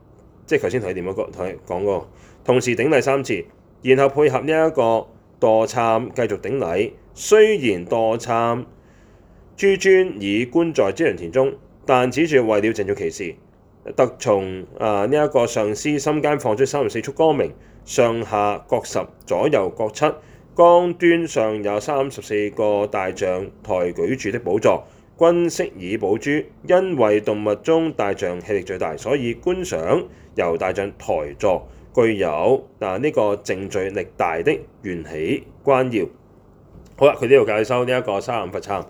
Speaker 1: 即係頭先同你念一個同你講嗰個，同時頂禮三次，然後配合呢、這、一個墮懺繼續頂禮。雖然墮懺諸尊已觀在資糧田中，但只係為了鄭重其事，特從啊呢一個上師心間放出三十四束光明，上下各十，左右各七，光端上有三十四個大象抬舉住的寶座。均飾以寶珠，因為動物中大象氣力最大，所以觀想由大象抬座，具有嗱呢個淨罪力大的緣起關要。好啦，佢呢度介紹呢一個三十五佛懺。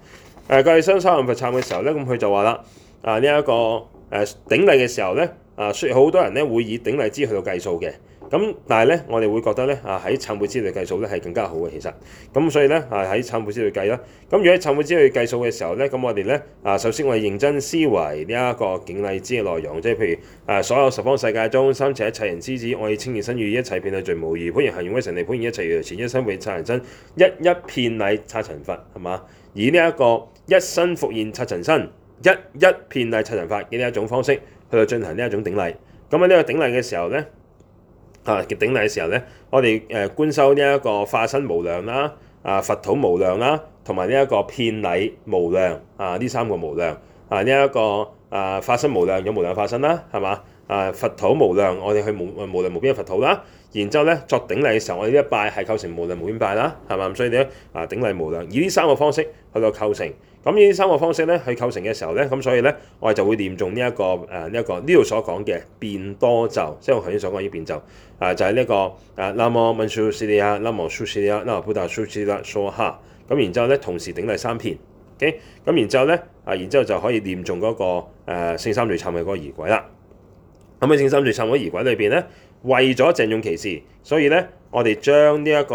Speaker 1: 誒介紹三十五佛懺嘅時候咧，咁佢就話啦，啊呢一、這個誒頂禮嘅時候咧，啊雖然好多人咧會以頂禮支去到計數嘅。咁，但係咧，我哋會覺得咧，啊喺懺悔支裏計數咧，係更加好嘅。其實，咁所以咧，啊喺懺悔支裏計啦。咁如果喺懺悔支裏計數嘅時候咧，咁我哋咧，啊首先我哋認真思維呢一個敬禮支嘅內容，即係譬如啊，所有十方世界中，三世一切人師子，我以清淨身語意，一切遍禮盡無餘，普賢行願威神力，普現一切如來前，一身復現剎塵身，一一遍禮剎塵佛，係嘛？以呢一個一身復現剎塵身，一一遍禮剎塵佛嘅呢一種方式去進行呢一種頂禮。咁喺呢個頂禮嘅時候咧。啊！頂禮嘅時候咧，我哋誒觀修呢一個化身無量啦，啊佛土無量啦，同埋呢一個遍禮無量，啊呢三個無量，啊呢一個啊化身無量有無量化身啦，係嘛？啊佛土無量，我哋去無誒無量無邊嘅佛土啦。然之後咧作頂禮嘅時候，我哋呢一拜係構成無量無邊拜啦，係嘛？咁所以點咧？啊頂禮無量，以呢三個方式去到構成。咁呢三個方式咧去構成嘅時候咧，咁所以咧我哋就會念中呢一個誒呢一個呢度所講嘅變多咒，即係我頭先所講嘅變咒啊，就係呢個誒拉莫文書斯利亞拉莫舒斯利亞拉莫布達舒斯利亞索哈，咁，然之後咧同時頂禮三遍，ok 咁，然之後咧啊，然之後就可以念中嗰個誒聖三聚懺嘅嗰個儀軌啦。咁嘅聖三聚懺嗰個儀軌裏邊咧，為咗鄭重其事，所以咧我哋將呢一個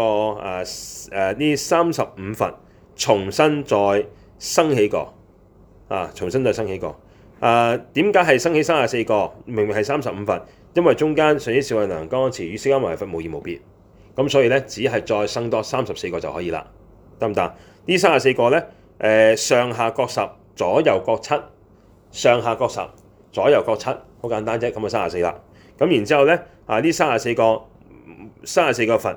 Speaker 1: 誒誒呢三十五佛重新再。升起個啊，重新再升起個啊，點解係升起三十四個？明明係三十五佛，因為中間上次少運良剛開始與燒交埋佛無二無別，咁所以咧只係再升多三十四個就可以啦，得唔得？呢三十四個咧，誒、呃、上下各十，左右各七，上下各十，左右各七，好簡單啫，咁就三十四啦。咁然之後咧啊，呢三十四個，三十四個佛。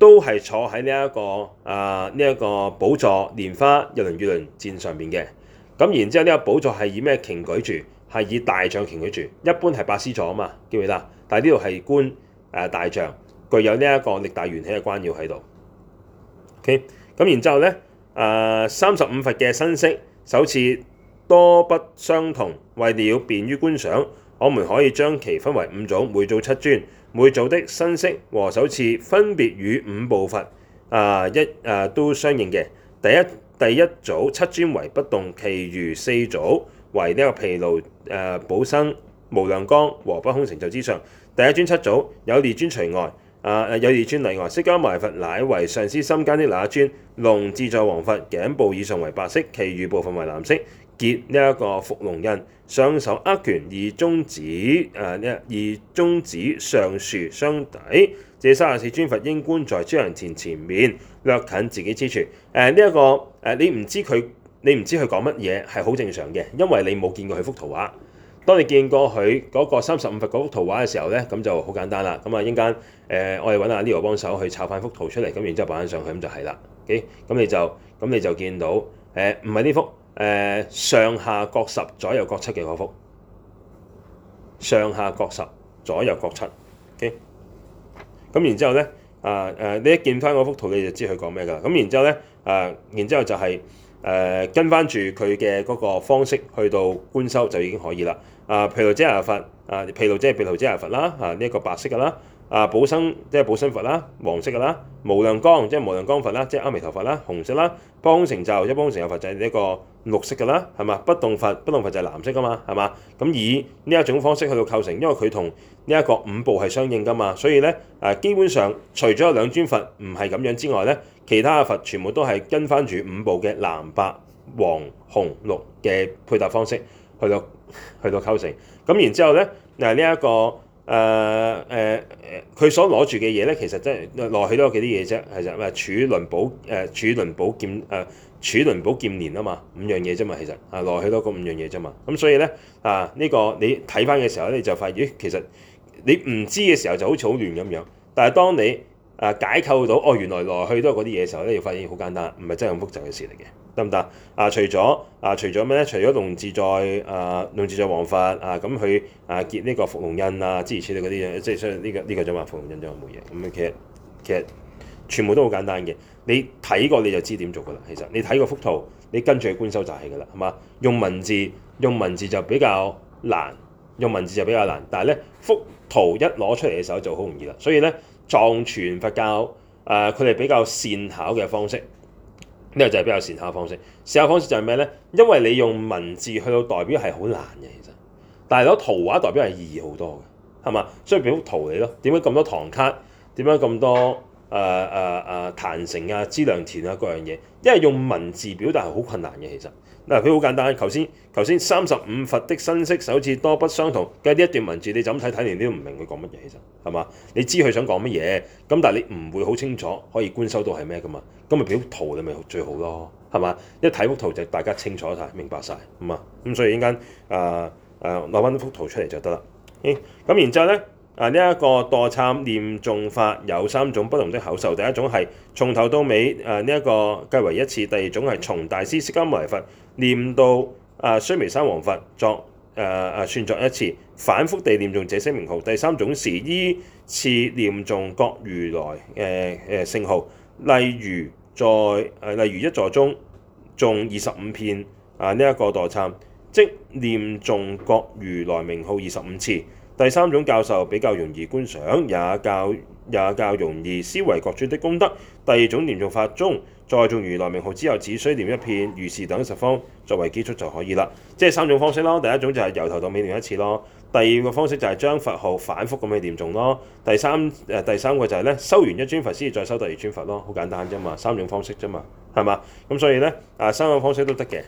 Speaker 1: 都係坐喺呢一個啊呢一個寶座蓮花日輪月輪墊上邊嘅，咁然之後呢個寶座係以咩擎舉住？係以大象擎舉住，一般係白獅座啊嘛，記唔記得？但係呢度係觀誒大象，具有呢一個力大緣起嘅關要喺度。OK，咁然之後咧，誒三十五佛嘅身色手幟多不相同，為了便於觀賞，我們可以將其分為五組，每組七尊。每組的身色和手幟分別與五部佛啊一啊都相應嘅。第一，第一組七尊為不動，其餘四組為呢個毘廬、誒寶生、無量光和不空成就之上。第一尊七組有二尊除外，啊有二尊例外，釋迦牟尼佛乃為上師心間的那尊，龍自在王佛頸部以上為白色，其餘部分為藍色。結呢一個伏龍印，雙手握拳，二中指，誒呢二中指上豎相抵，這三十四尊佛應觀在資糧田前前面，略近自己之處。誒呢一個誒、呃，你唔知佢，你唔知佢講乜嘢係好正常嘅，因為你冇見過佢幅圖畫。當你見過佢嗰個三十五佛嗰幅圖畫嘅時候咧，咁就好簡單啦。咁啊，一陣間誒，我哋揾阿 Leo 幫手去抄翻幅圖出嚟，咁然之後擺翻上去咁就係啦。O K，咁你就咁你就見到誒，唔係呢幅。誒上下各十，左右各七嘅嗰幅，上下各十，左右各七咁、okay? 然之後咧，啊誒、啊，你一見翻嗰幅圖你就知佢講咩㗎？咁然之後咧，啊，然之後就係、是、誒、啊、跟翻住佢嘅嗰個方式去到觀修就已經可以、啊啊、啦。啊，譬如毘盧遮那佛，啊，譬如毘盧遮，譬如毘盧遮那佛啦，啊，呢一個白色㗎啦。啊，寶生即係寶生佛啦，黃色噶啦；無量光即係無量光佛啦，即係阿彌陀佛啦，紅色啦；不空成就即係不空成就佛就係呢一個綠色噶啦，係嘛？不動佛不動佛就係藍色噶嘛，係嘛？咁以呢一種方式去到構成，因為佢同呢一個五部係相應噶嘛，所以咧誒基本上除咗有兩尊佛唔係咁樣之外咧，其他嘅佛全部都係跟翻住五部嘅藍、白、黃、紅、綠嘅配搭方式去到去到構成。咁然之後咧誒呢一、啊呢個。誒誒誒，佢、呃呃、所攞住嘅嘢咧，其實真係落去都係幾啲嘢啫，係實，唔係儲輪寶誒儲輪寶劍誒儲輪寶劍年啊嘛，五樣嘢啫嘛，其實啊落去都嗰五樣嘢啫嘛，咁所以咧啊呢、這個你睇翻嘅時候咧，就發現其實你唔知嘅時候就好草亂咁樣，但係當你啊解構到哦原來落去都係嗰啲嘢嘅時候咧，要發現好簡單，唔係真係咁複雜嘅事嚟嘅。得唔得？啊，除咗啊，除咗咩咧？除咗龍自在啊，龍自在王佛啊，咁佢啊結呢個伏龍印啊，諸如此類嗰啲嘢，即係呢個呢、啊就是這個這個就話伏龍印，恩就冇嘢。咁、嗯、其實其實全部都好簡單嘅，你睇過你就知點做噶啦。其實你睇個幅圖，你跟住去觀修就係噶啦，係嘛？用文字用文字就比較難，用文字就比較難。但係咧幅圖一攞出嚟嘅時候就好容易啦。所以咧藏傳佛教誒，佢、啊、哋比較善巧嘅方式。呢個就係比較善下方式。善下方式就係咩咧？因為你用文字去到代表係好難嘅，其實。但係攞圖畫代表係易好多嘅，係嘛？所以表幅圖嚟囉。點解咁多唐卡？點解咁多誒誒誒壇城啊、資糧田啊各樣嘢？因為用文字表達係好困難嘅其實。嗱，佢好簡單。頭先頭先，三十五佛的身色、手幟多不相同。嘅啲一段文字，你怎睇睇嚟，你都唔明佢講乜嘢。其實係嘛？你知佢想講乜嘢，咁但係你唔會好清楚可以觀修到係咩噶嘛？咁咪表圖你咪最好咯，係嘛？一睇幅圖就大家清楚晒，明白晒。曬，嘛咁。所以陣間誒誒攞翻幅圖出嚟就得啦。咁然之後咧。啊！呢、這、一個墮懺唸誦法有三種不同的口授。第一種係從頭到尾，啊呢一、這個計為一次。第二種係從大師釋迦牟尼佛念到啊須彌山王佛作，誒、啊、誒、啊、算作一次，反覆地唸誦這些名號。第三種是依次唸誦各如來誒誒聖號，例如在誒、啊、例如一座中，誦二十五遍，啊呢一、這個墮懺，即唸誦各如來名號二十五次。第三種教授比較容易觀想，也較也較容易思維各尊的功德。第二種唸誦法中，在誦完如來名號之後，只需念一遍如是等十方作為基礎就可以啦。即係三種方式咯。第一種就係由頭到尾念一次咯。第二個方式就係將佛號反覆咁去念誦咯。第三誒、呃、第三個就係咧收完一尊佛先再收第二尊佛咯。好簡單啫嘛，三種方式啫嘛，係嘛？咁所以咧啊，三個方式都得嘅，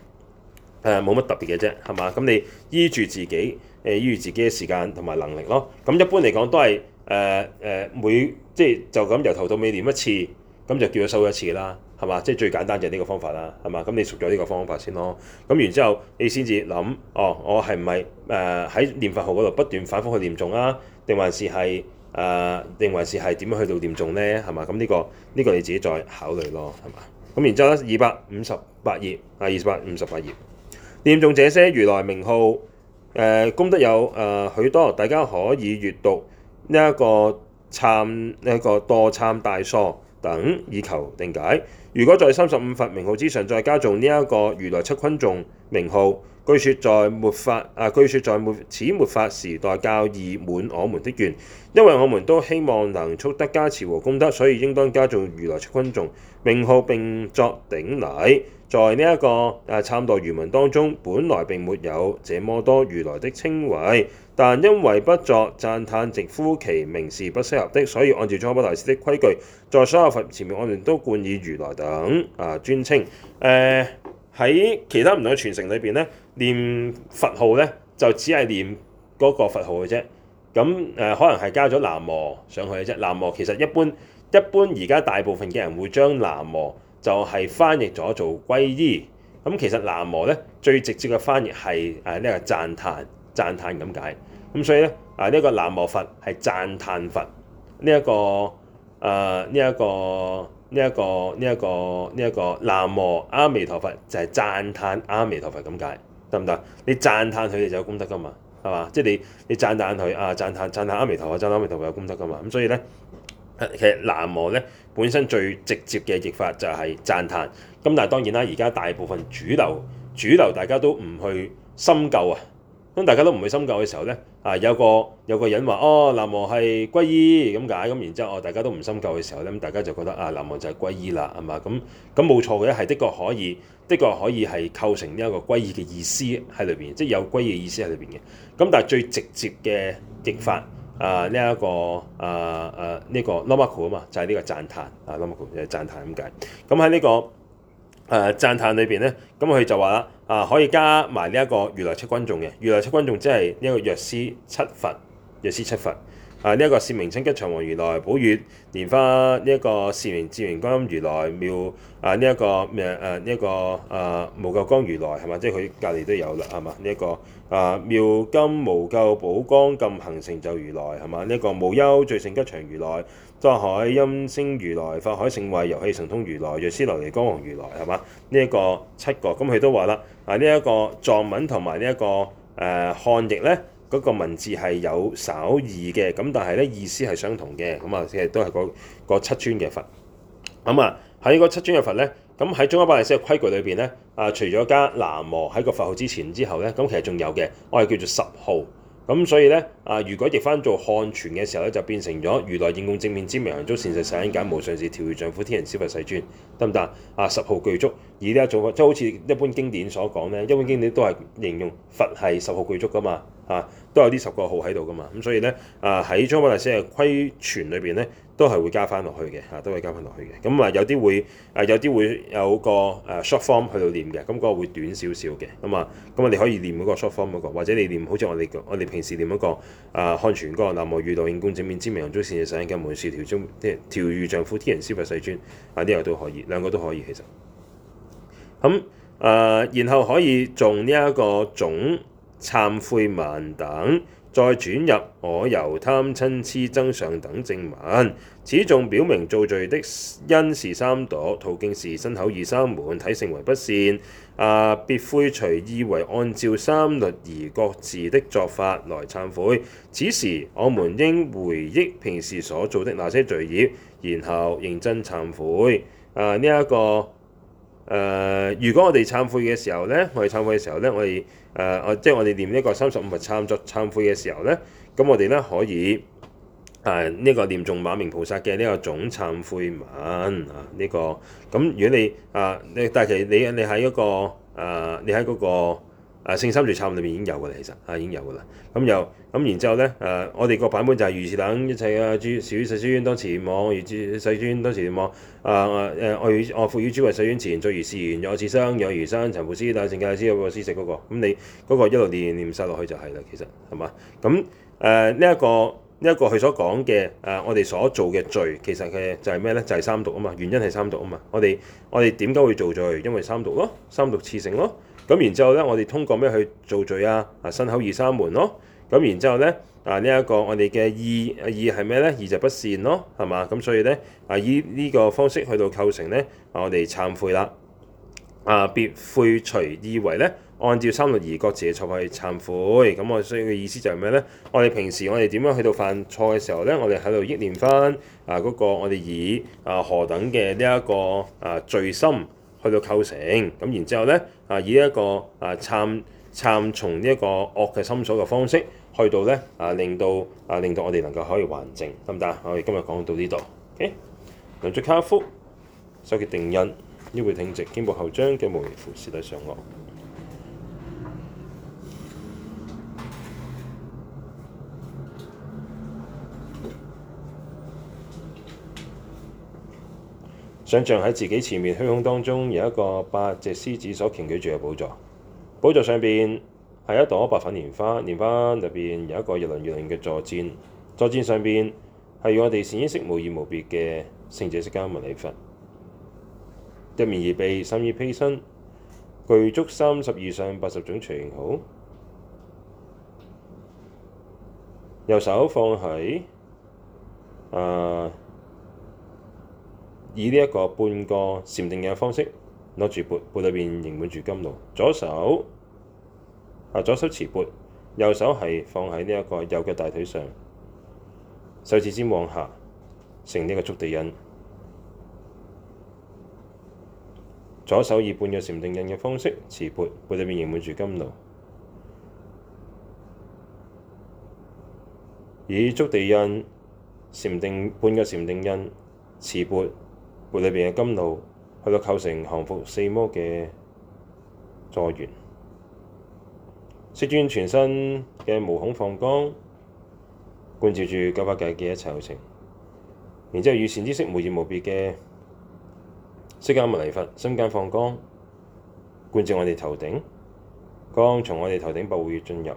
Speaker 1: 誒冇乜特別嘅啫，係嘛？咁你依住自己。誒依自己嘅時間同埋能力咯，咁一般嚟講都係誒誒每即係就咁由頭到尾念一次，咁就叫咗收一次啦，係嘛？即係最簡單就係呢個方法啦，係嘛？咁你熟咗呢個方法先咯，咁然之後你先至諗，哦，我係唔係誒喺念佛號嗰度不斷反覆去念誦啊？定還是係誒定還是係點樣去到念誦咧？係嘛？咁呢個呢個你自己再考慮咯，係嘛？咁然之後咧，二百五十八頁啊，二百五十八頁，念誦這些如來名號。呃、功德有誒、呃、許多，大家可以閲讀呢一個懺呢一個墮懺大疏等以求定解。如果在三十五佛名號之上再加誦呢一個如來七兄弟名號，據說在末法啊，據說在末此末法時代較易滿我們的願，因為我們都希望能速得加持和功德，所以應當加誦如來七兄弟名號並作頂禮。在呢、這、一個誒墮懺原文當中，本來並沒有這麼多如來的稱謂，但因為不作讚歎，讚歎直呼其名是不適合的，所以按照宗喀巴大師的規矩，在所有佛前面我們都冠以如來等啊尊稱。誒喺、呃、其他唔同嘅傳承裏邊咧，念佛號咧就只係念嗰個佛號嘅啫，咁誒、呃、可能係加咗南無上去嘅啫。南無其實一般一般而家大部分嘅人會將南無就係翻譯咗做皈依，咁其實南無咧最直接嘅翻譯係誒呢個讚歎、讚歎咁解，咁所以咧啊呢一個南無佛係讚歎佛，呢一個誒呢一個啊呢一個呢一個呢一個南無阿彌陀佛就係讚歎阿彌陀佛咁解，得唔得？你讚歎佢哋就有功德噶嘛，係嘛？即係你你讚歎佢啊，讚歎讚歎阿彌陀佛，讚歎阿彌陀佛有功德噶嘛，咁所以咧。其實南無咧本身最直接嘅譯法就係讚歎，咁但係當然啦，而家大部分主流主流大家都唔去深究啊，咁大家都唔去深究嘅時候咧，啊有個有個人話哦，南無係歸依咁解，咁然之後哦大家都唔深究嘅時候咧，大家就覺得啊南無就係歸依啦，係嘛？咁咁冇錯嘅，係的確可以的確可以係構成呢一個歸依嘅意思喺裏邊，即係有歸依嘅意思喺裏邊嘅。咁但係最直接嘅譯法。啊！呢、這、一個啊啊呢、這個 no m a 啊嘛，就係、是啊就是啊這個啊、呢個讚歎啊 no miracle 嘅讚歎咁解。咁喺呢個誒讚歎裏邊咧，咁佢就話啦啊，可以加埋呢一個如來七君眾嘅，如來七君眾即係呢個藥師七佛、藥師七佛啊，呢、這、一個釋名稱吉祥王如來寶月蓮花呢一個釋明志明音如來妙啊呢一、這個咩誒呢一個啊，、這個、啊無垢光如來係嘛，即係佢隔離都有啦係嘛呢一個。這個啊！妙金無咎，寶光，禁行成就如來，係嘛？呢、這、一個無憂最勝吉祥如來，莊海音聲如來，法海勝慧遊戲神通如來，若斯琉璃光王如來，係嘛？呢、這、一個七個，咁、嗯、佢都話啦，啊呢一、這個藏文同埋、這個呃、呢一個誒漢譯咧，嗰、那個文字係有稍異嘅，咁但係咧意思係相同嘅，咁啊即係都係、那個七尊嘅佛。咁啊喺個七尊嘅佛咧。咁喺《中阿巴利斯》嘅規矩裏邊咧，啊，除咗加南無喺個佛號之前之後咧，咁、啊、其實仲有嘅，我係叫做十號。咁所以咧，啊，如果逆翻做漢傳嘅時候咧，就變成咗如來應供正遍知明行足善逝世間無上士調御丈夫天人師佛世尊，得唔得啊？十號具足，而呢一種即係好似一般經典所講咧，一般經典都係形容佛係十號具足噶嘛。啊，都有呢十個號喺度㗎嘛，咁所以咧，啊喺宗喀巴大師嘅規矩裏邊咧，都係會加翻落去嘅，啊，都可以加翻落去嘅。咁啊，有啲會，啊有啲會有個誒、啊、short form 去到念嘅，咁嗰個會短少少嘅。咁啊，咁啊，你可以念嗰個 short form 嗰個，或者你念好似我哋我哋平時念一個啊漢傳嗰南無如來應供正遍知明行足善逝世間解無上士調御天調御丈夫天人師佛世尊啊，呢個都可以，兩個都可以其實。咁、啊、誒、啊，然後可以做呢一個總懺悔文等，再轉入我由貪瞋癡增上等正文。此頌表明造罪的因是三毒，途徑是身口意三門，體性為不善。啊，別悔除意為按照三律儀各自的作法來懺悔。此時我們應回憶平時所造的那些罪業，然後認真懺悔。啊，呢一個，誒、呃，如果我哋懺悔嘅時候呢，我哋懺悔嘅時候咧，我哋。我誒、呃、我即係我哋念呢個三十五佛懺作懺悔嘅時候咧，咁我哋咧可以誒呢、呃這個念誦馬明菩薩嘅呢個總懺悔文啊呢、這個，咁、嗯、如果你啊、呃、你但係其實你你喺嗰個你喺嗰個。呃誒聖三罪禡裏邊已經有㗎啦，其實啊已經有㗎啦。咁又咁然之後咧，誒我哋個版本就係如是等一切嘅諸世尊，世尊當時念往，如諸世尊當時念往。誒誒誒愛愛覆於諸位世尊前，作如是然言：我似生，有如生，陳佛斯，大聖教師嗰個師食嗰個。咁你嗰個一路念念晒落去就係啦，其實係嘛？咁誒呢一個呢一個佢所講嘅誒我哋所做嘅罪，其實嘅就係咩咧？就係三毒啊嘛，原因係三毒啊嘛。我哋我哋點解會做罪？因為三毒咯，三毒次性咯。咁然之後咧，我哋通過咩去造罪啊？身啊，心口二三門咯。咁然之後咧，啊呢一個我哋嘅意，意二係咩咧？意就不善咯，係嘛？咁所以咧，啊依呢個方式去到構成咧，我哋懺悔啦。啊，別悔除意為咧，按照三六二各自嘅錯去懺悔。咁、嗯、我、啊、所以嘅意思就係咩咧？我哋平時我哋點樣去到犯錯嘅時候咧，我哋喺度憶念翻啊嗰、那個我哋以啊何等嘅呢一個啊罪心，去到構成，咁然之後咧，啊以一個啊參參從呢一個惡嘅心所嘅方式去到咧，啊令到啊令到我哋能夠可以還淨，得唔得？我哋今日講到呢度。O K，兩足跏趺，手結定印，腰背挺直，肩部
Speaker 2: 後張，腳尾扶實在上岸。
Speaker 1: 想像喺自己前面虛空當中有一個八隻獅子所擎舉住嘅寶座，寶座上邊係一朵白粉蓮花，蓮花入邊有一個日輪月輪嘅坐墊，坐墊上邊係與我哋善知識無異無別嘅聖者釋迦牟尼佛，一面二臂，三衣披身，具足三十二相八十種隨形好，右手放喺誒。啊以呢一個半個禪定印嘅方式攞住缽，缽裏面盈滿住甘露，左手啊，左手持缽，右手係放喺呢一個右腳大腿上，手指尖往下成呢個觸地印。左手以半個禪定印嘅方式持缽，缽裏面盈滿住甘露，以觸地印、禪定半個禪定印持缽。活裏邊嘅金露去到構成降伏四魔嘅助緣，釋尊全身嘅毛孔放光，貫照住九法界嘅一切有情。然之後，與善知識無異無別嘅釋迦牟尼佛心間放光，貫照我哋頭頂，光從我哋頭頂百會進入。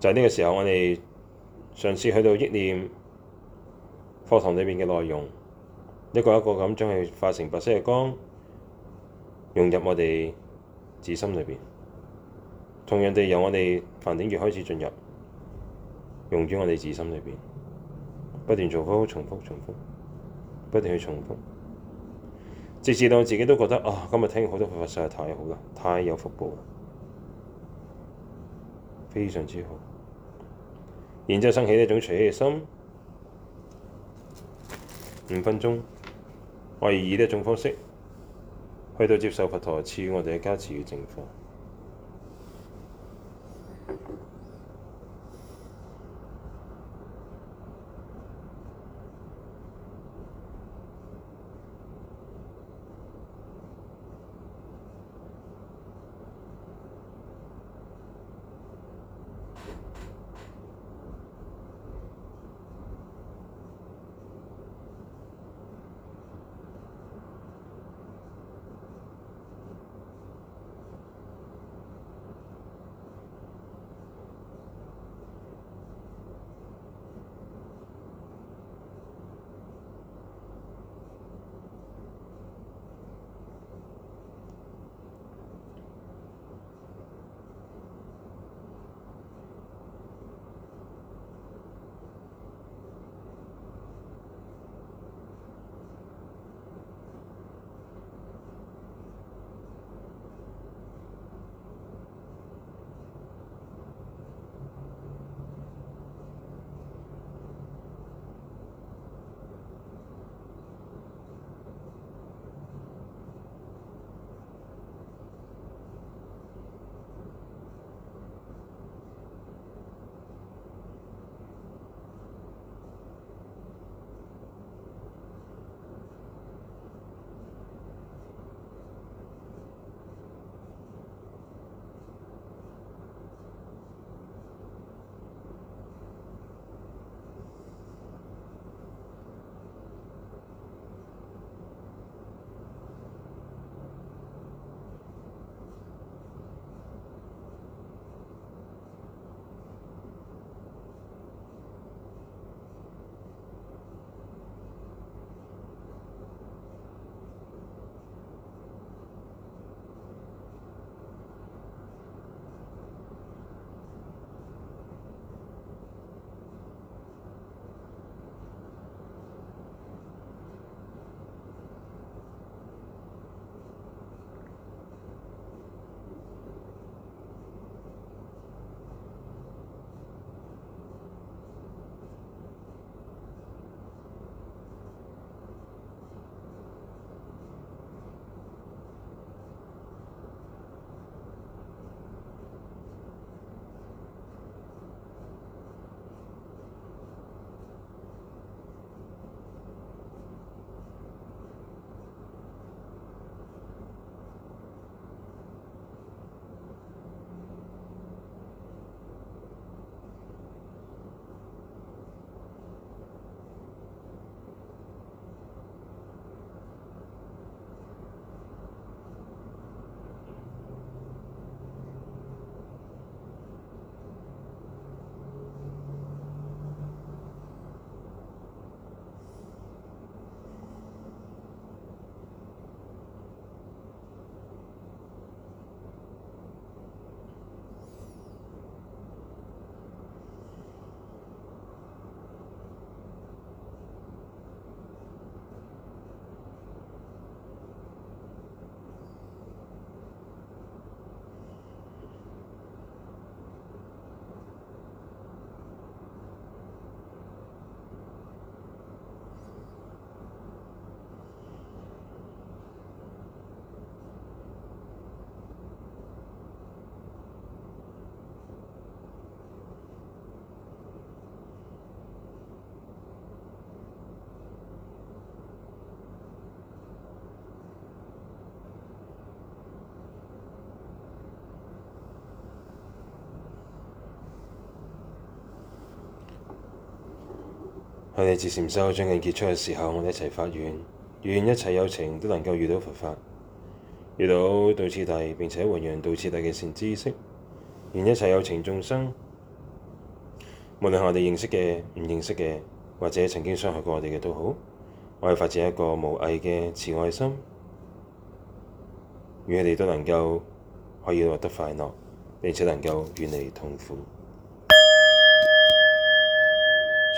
Speaker 1: 就係呢個時候，我哋嘗試去到憶念課堂裏面嘅內容，一個一個咁將佢化成白色嘅光，融入我哋自心裏邊。同樣地，由我哋梵頂月開始進入，
Speaker 2: 融入我哋自心裏邊，不斷重複、重複、重複，不斷去重複，直至到我自己都覺得啊，今日聽好多佛法實在
Speaker 1: 太好啦，太有福報啦，非常之好。
Speaker 2: 然之後生起一種慈悲嘅心，五分鐘，我以呢種方式去到接受佛陀賜予我哋嘅加持與淨化。我哋節善修將近結束嘅時候，我哋一齊發願，願一切有情都能夠遇到佛法，遇到道次第並且弘揚道次第嘅善知識，願一切有情眾生，無論係我哋認識嘅、唔認識嘅，或者曾經傷害過我哋嘅都好，我哋發自一個無畏嘅慈愛心，願佢哋都能夠可以獲得快樂，並且能夠遠離痛苦。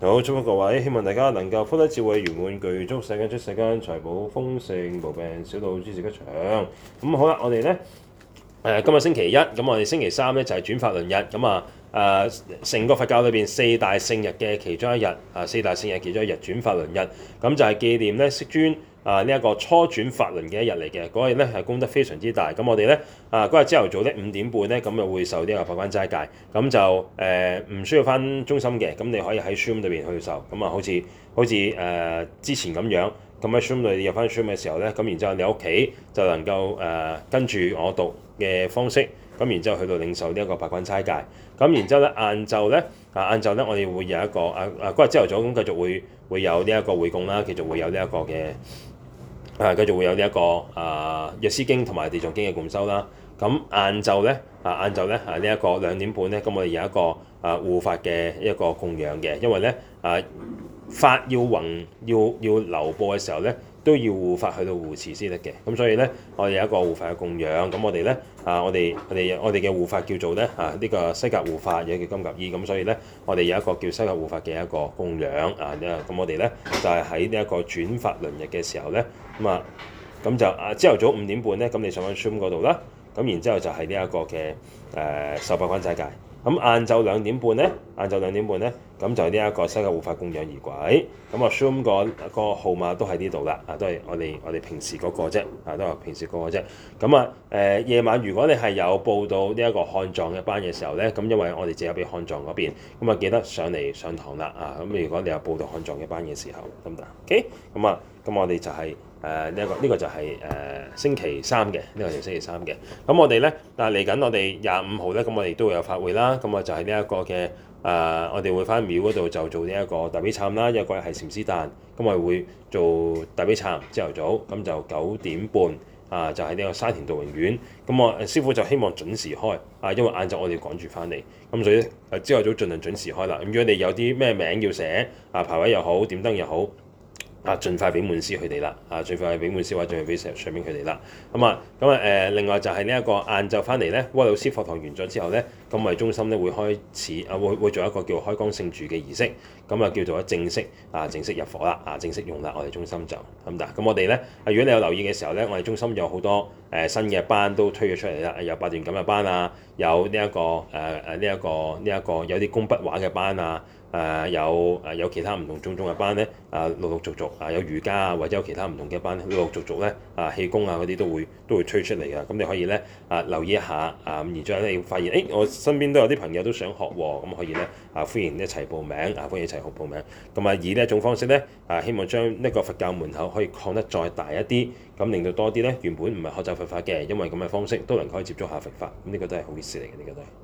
Speaker 2: 好，祝福各位，希望大家能夠福德智慧圓滿具足，世間出世間財寶豐盛，無病小到諸事吉祥。咁
Speaker 1: 好啦，我哋咧誒今日星期一，咁我哋星期三咧就係轉法輪日。咁啊誒成個佛教裏邊四大聖日嘅其中一日，啊四大聖日其中一日轉法輪日，咁就係紀念咧釋尊。啊！呢、這、一個初轉法輪嘅一日嚟嘅，嗰日咧係功德非常之大。咁我哋咧啊嗰日朝頭早咧五點半咧，咁就會受呢個八關齋戒。咁就誒唔、呃、需要翻中心嘅，咁你可以喺 Zoom 裏邊去受。咁啊，好似好似誒之前咁樣，咁喺 Zoom 裏入翻 Zoom 嘅時候咧，咁然之後你屋企就能夠誒、呃、跟住我讀嘅方式，咁然之後去到領受呢一個八關齋戒。咁然之後咧晏晝咧啊晏晝咧，我哋會有一個啊啊嗰日朝頭早咁繼續會會有呢一個會供啦，繼續會有呢一個嘅。啊，繼續會有呢一個啊《藥師經》同埋《地藏經》嘅共修啦。咁晏晝咧，啊晏晝咧，啊呢一個兩點半咧，咁我哋有一個啊護法嘅一個供養嘅。因為咧啊法要弘，要要流布嘅時候咧，都要護法去到護持先得嘅。咁所以咧，我哋有一個護法嘅供養。咁我哋咧啊，我哋我哋我哋嘅護法叫做咧啊呢個西甲護法，亦叫金甲衣。咁所以咧，我哋有一個叫西甲護法嘅一個供養啊。咁我哋咧就係喺呢一個轉法輪日嘅時候咧。咁啊，咁就啊，朝頭早五點半咧，咁你上翻 Zoom 嗰度啦。咁然之後就係、呃、呢一、嗯、個嘅誒《受八關齋戒》。咁晏晝兩點半咧，晏晝兩點半咧，咁就呢一個《世界護法供養儀軌》。咁啊，Zoom 嗰個號碼都喺呢度啦。啊，都係我哋我哋平時嗰個啫。啊，都係平時嗰個啫。咁啊，誒、啊、夜晚如果你係有報到呢一個漢藏嘅班嘅時候咧，咁因為我哋借咗俾漢藏嗰邊，咁啊記得上嚟上堂啦。啊，咁如果你有報到漢藏嘅班嘅時候得唔得？O K。咁啊，咁、okay? 我哋就係、是。誒呢一個呢、這個就係、是、誒、呃、星期三嘅，呢、這個就星期三嘅。咁、嗯、我哋咧，但係嚟緊我哋廿五號咧，咁我哋都會有法會啦。咁、嗯、我就喺呢一個嘅誒、呃，我哋會翻廟嗰度就做呢一個大悲懺啦。一個係禪師誕，咁我會做大悲懺。朝頭早咁就九點半啊，就喺、是、呢個沙田道榮院。咁我師傅就希望準時開啊，因為晏晝我哋趕住翻嚟。咁、啊、所以咧，朝、啊、頭早盡量準時開啦。咁如果你有啲咩名要寫啊，排位又好，點燈又好。啊！盡快俾滿師佢哋啦！啊！盡快係俾滿師或者盡快俾上上邊佢哋啦。咁啊，咁啊誒，另外就係呢一個晏晝翻嚟咧，威老師課堂完咗之後咧，咁我哋中心咧會開始啊，會會做一個叫開光聖住嘅儀式。咁啊，叫做正式啊，正式入伙啦！啊，正式用啦！我哋中心就咁大。咁、啊、我哋咧，啊，如果你有留意嘅時候咧，我哋中心有好多誒、呃、新嘅班都推咗出嚟啦。有八段錦嘅班啊，有呢一個誒誒呢一個呢一個有啲工筆畫嘅班啊。誒有誒有其他唔同種種嘅班咧，啊陸陸續續啊有瑜伽啊，或者有其他唔同嘅班咧，陸陸續續咧啊氣功啊嗰啲都會都會推出嚟嘅，咁你可以咧啊留意一下啊，然後咧你會發現誒我身邊都有啲朋友都想學喎，咁、嗯、可以咧啊歡迎一齊報名啊歡迎一齊學報名，同埋以呢一種方式咧啊希望將呢個佛教門口可以擴得再大一啲，咁令到多啲咧原本唔係學習佛法嘅，因為咁嘅方式都能夠去接觸下佛法，咁呢個都係好事嚟嘅，呢個都係。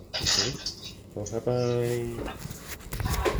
Speaker 2: 好，拜拜。